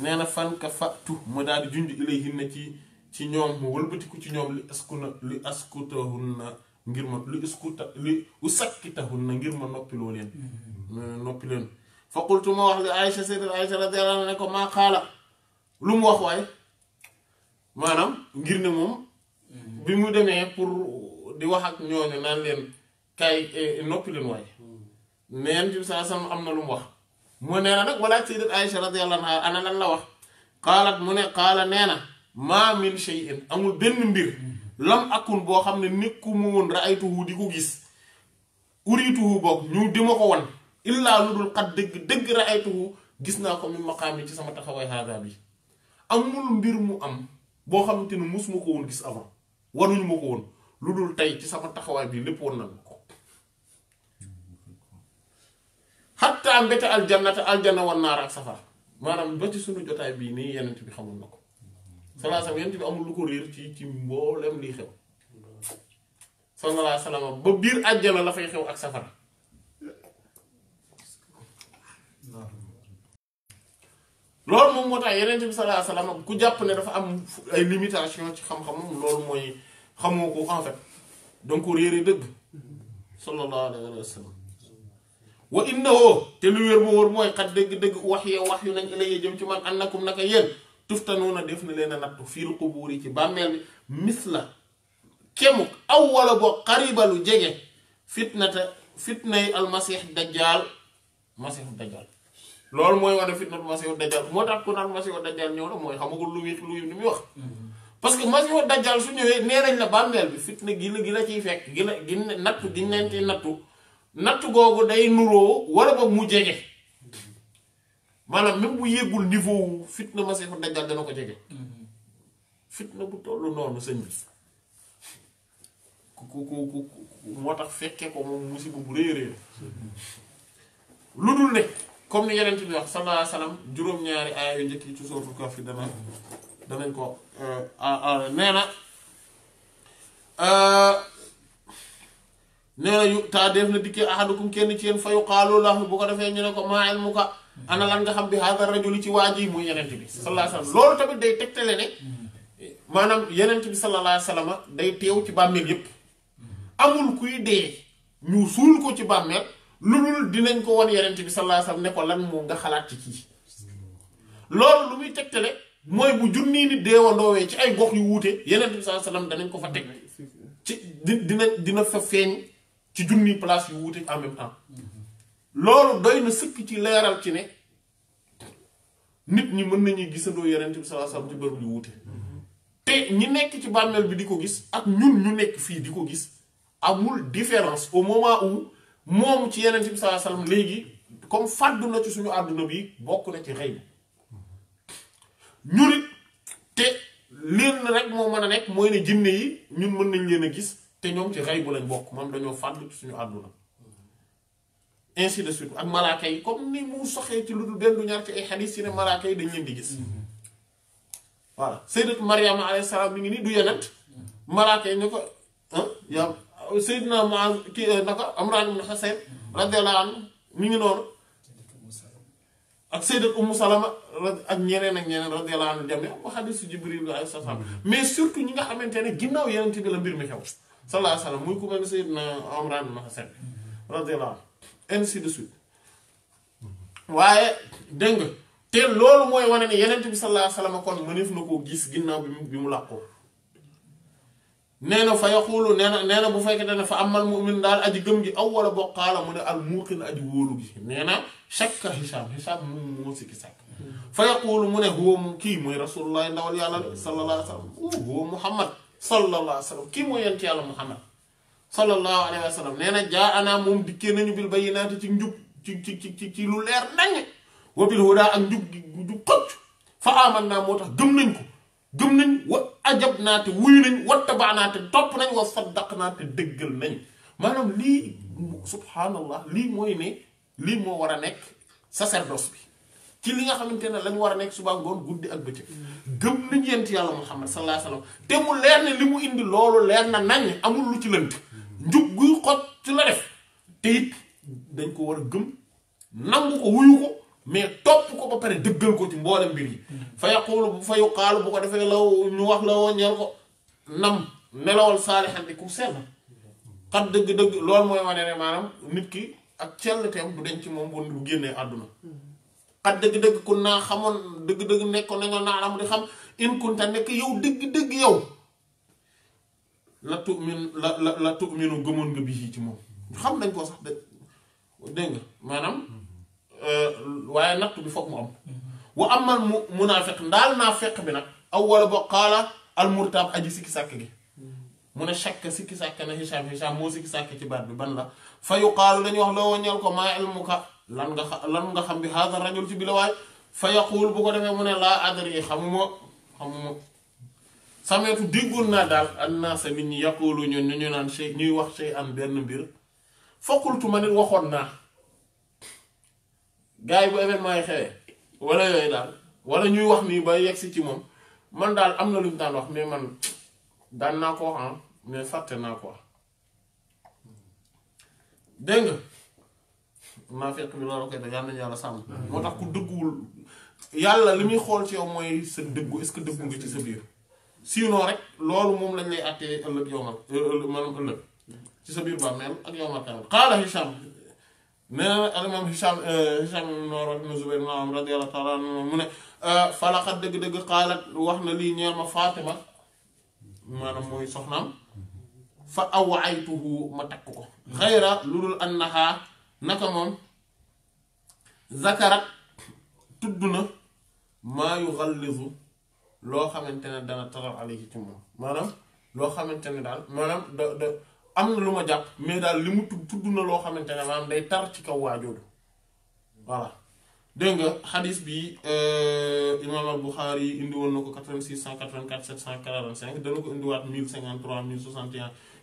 nee na fan ka fàttu ma daal di junj ilayhinna ci ci ñoom mu wëlbatiku ci ñoom li askuna li askutahunna ngir ma li uskuta li usakkitahunna ngir ma noppiloo leen mm-hmm. mm, noppi leen fa qultu ma wax li Aïcha sayyidat Aïcha radiyallahu anha ne ko maa xaala lu mu wax waay maanaam ngir ne moom mm-hmm. bi mu demee pour di wax ak ñooñu naan leen kaay eh, eh, noppi leen waaye mais yonent saa sallam am na lu mu wax mu nee na nag walaaj sayyidat Aïcha radiyallahu anha ana lan la wax qaalat mu ne qaala nee na maa min amul benn mbir lam akun boo xam ne nekkuma woon ra'aytuhu di ko gis uriituhu boog ñu di ma ko wan illaa lu dul xat dëgg dëgg ra'aytuhu gis naa ko min maqaam yi ci sama taxawaay haaga bi amul mbir mu am boo xamante ne mosuma ko woon gis avant wanuñu ma ko woon lu dul tey ci sama taxawaay bi lépp xatta mbete aljannata aljanna wan naar ak safara maanaam ba ci suñu jotaay bii nii yenent bi xamul na ko salaa sallam yenent bi amul lu ko réer ci ci mboolem lii xew sallallahu alayhi wa sallam ba biir àjjana la fay xew ak safara loolu moom moo tax yeneen bi sallallahu alayhi wa sallam ku jàpp ne dafa am ay limitation ci xam-xamam loolu mooy xamoo ko en fait donc réer yi dëgg sallallahu alayhi wa sallam wa innahu te lu wér bu wóor mooy xat dëgg-dëgg wax ye wax yu nañ ilayya jëm ci man annakum naka yéen tuftanuuna def na leen a nattu fiil qubuur yi ci bàmmeel bi misla kemuk aw wala boo xaribalu jege fitnata fitnay almasix dajjaal masixu dajjaal loolu mooy wane fitnatu masiixu dajjaal moo tax ku naan masiixu dajjaal ñëw na mooy xamagul lu wér lu ni muy wax parce que masiixu dajjaal su ñëwee nee la bàmmeel bi fitna gi la gi la ciy fekk gi la gi nattu gi neen ciy nattu natt googu day nuroo wala ba mu jege maanaam même bu yéegul niveau fitna masiixu dajjal dana ko jege fitna bu toll noonu sëñ bi ku ku ku moo tax fekkee ko moom musiba bu rëy rëy lu dul ne comme ni yeneen wax sallallahu alayhi juróom-ñaari aaya yu njëkk ci sóoratul Kahf fi dana danañ ko euh, nee euh, nee na yu taa def na dikkee ahadukum kenn ci yéen fa yuqaalu lahu bu ko defee ñu ne ko maa ilmuka ana lan nga xam bi haada rajuli ci waa ji muy yenent bi sallallahu alayhi wa sallam loolu tamit day tegtale ne maanaam yenent bi sallallahu alayhi wa sallam day ci bàmmeel yépp amul kuy dee ko ci bàmmeel lu dul dinañ ko wan yenent bi sallallahu alayhi wa ne ko lan moo nga xalaat ci kii loolu lu muy tegtale mooy bu junni nit deewandoowee ci ay gox yu wuute yenent bi sallallahu alayhi wa danañ ko fa teg ci dina dina fa feeñ ci junni place yu wouté en même temps lolu doyna na ci leeral ci né nit ñi mën nañuy gisandoo yeneen bi sallallahu alayhi wasallam ci bërëb yu wouté té ñi nekk ci bàmmeel bi diko giss ak ñun ñu nekk fi diko giss amul différence au moment où mom ci yeneen bi sallallahu alayhi wasallam léegi comme faddu na ci suñu àdduna bi bokku na ci rey ñu té te leen rek mo mëna a nekk mooy ne jinne yi ñun mëna ñu leena giss te ñoom ci xay bu lañ bokk moom dañoo fàdd ci suñu àdduna ainsi de suite ak malaaka yi comme ni mu soxee ci lu dul benn du ñaar ci ay xadiis yi ne malaaka yi dañ leen di gis voilà sayyidat Maryam alayhi malaaka yi ne ko yow sayyidna Muaz ki eh, naka Imran ibn Husayn radiyallahu anhu mi ngi noonu ak ak ñeneen ak ñeneen radiyallahu anhu jame wa xadiisu Jibril alayhi salaam mm-hmm. mais surtout ñi nga xamante ne ginnaaw yonent bi la mbir mi xew sallallahu alayhi wa sallam muy ku mel ne Seydina Omar ibn Hassan radiyallahu anhu ainsi de suite waaye dégg nga te loolu mooy wane ne yenent bi sallallahu alayhi wa sallam kon mëneef na koo gis ginnaaw bi mu bi mu làqoo nee na fa yaqulu nee na nee na bu fekkee ne fa amal mu'min daal aji gëm gi aw wala boo mu ne al muuqin aji wóolu gi nee na shakka Hicham Hicham moom moo sikki sàkk fa yaqulu mu ne huwa kii mooy rasulullah ndawal yàlla sallallahu alayhi wa sallam huwa Muhammad sallallahu alayhi wa sallam kii mooy yonent yàlla muhammad sallallahu alayhi wa sallam nee jaa ana moom dikkee nañu bil bayyinaati ci njub ci ci ci ci lu leer naññ wa bil huda ak njub gi du fa aman naa moo tax gëm nañ ko gëm nañ wa ajab naa te wuyu nañ wa tabaa naa topp nañ wa saddaq naa te dëggal nañ maanaam lii subhaanallah lii mooy ne lii moo war a nekk sacerdoce bi ci li nga xamantene lañ war nek suba ngoon guddi ak bëccëg gëm nañu yent yalla Muhammad sallallahu Alaihi wasallam te mu leer ne limu indi loolu leer na nañ amul lu ci leunt njub gu xot ci la def te it dañ ko wara a gëm nangu ko wuyu ko mais top ko ba pare deggal ko ci mbolam mbir yi fa yaqulu bu fa yuqalu bu ko defé law ñu wax la woo ñeel ko nam nelawal salihan di ku sell xat deug deug loolu moy wone ne manam nit ki ak cell teem du denc mom bu génnee aduna xat dëgg-dëgg naa xamoon dëgg-dëgg nekkoon nañoo naa alam di xam in kunta nekk yow dëgg-dëgg yow la tu'min la la la tu'minu gëmoon nga bii ci moom xam nañ ko sax dëgg nga maanaam euh, waaye natt bi foog mu am wa amal mu munaafiq ndaal naa feq bi nag aw wala bo qaala al murtaab aji sikki sàkk gi mu ne shakk sikki sàkk na hicham hicham moo sikki sàkk ci baat bi ban la fa yuqaalu dañuy wax loo waññal ko maa ilmuka lan nga xa lan nga xam bi hada rajul ci bi la waay fa yaqul bu ko defee mu ne laa adri xamuma xamuma sameetu déggul naa daal annaasa nit ñi yaqulu ñu ñu naan see ñuy wax shay am benn mbir faqultu ma nit waxoon naa gars yi bu événement yi xewee wala yooyu daal wala ñuy wax nii ba yegsi ci moom man daal am na luñ ñu daan wax mais man daan naa ko wax ah, mais fàtte naa ko wax dégg maa fekk bi loolu koy def yàlla nañu yàlla sàmm. moo tax ku dëgguwul yàlla li muy xool ci yow mooy sa dëggu est-ce que dëggu nga ci sa biir. sinon rek loolu moom lañ lay àttee ëllëg yowmal euh, maanaam ëllëg ci sa biir bàmmeel ak yowmal qiyaama qaala Hicham nee na al imaam Hicham euh, Hicham ibn Urwa ibn Zubayr maanaam mu ne euh, falaxat dëgg-dëgg xaalat wax na lii ñeel ma Fatima maanaam mooy soxnaam fa awaytuhu ma takk ko. xayra lu dul annaha naka moom zakarat tudd na maa yu xallisu loo xamante ne dana taral alayhi ci moom maanaam loo xamante ne daal maanaam da da am na lu ma jàpp mais daal li mu tudd tudd na loo xamante ne maanaam day tar ci kaw waajoodu voilà dégg nga xadis bi euh, imaam al Buxaari yi indi woon na ko 86 184 745 dana ko indiwaat 1053 1061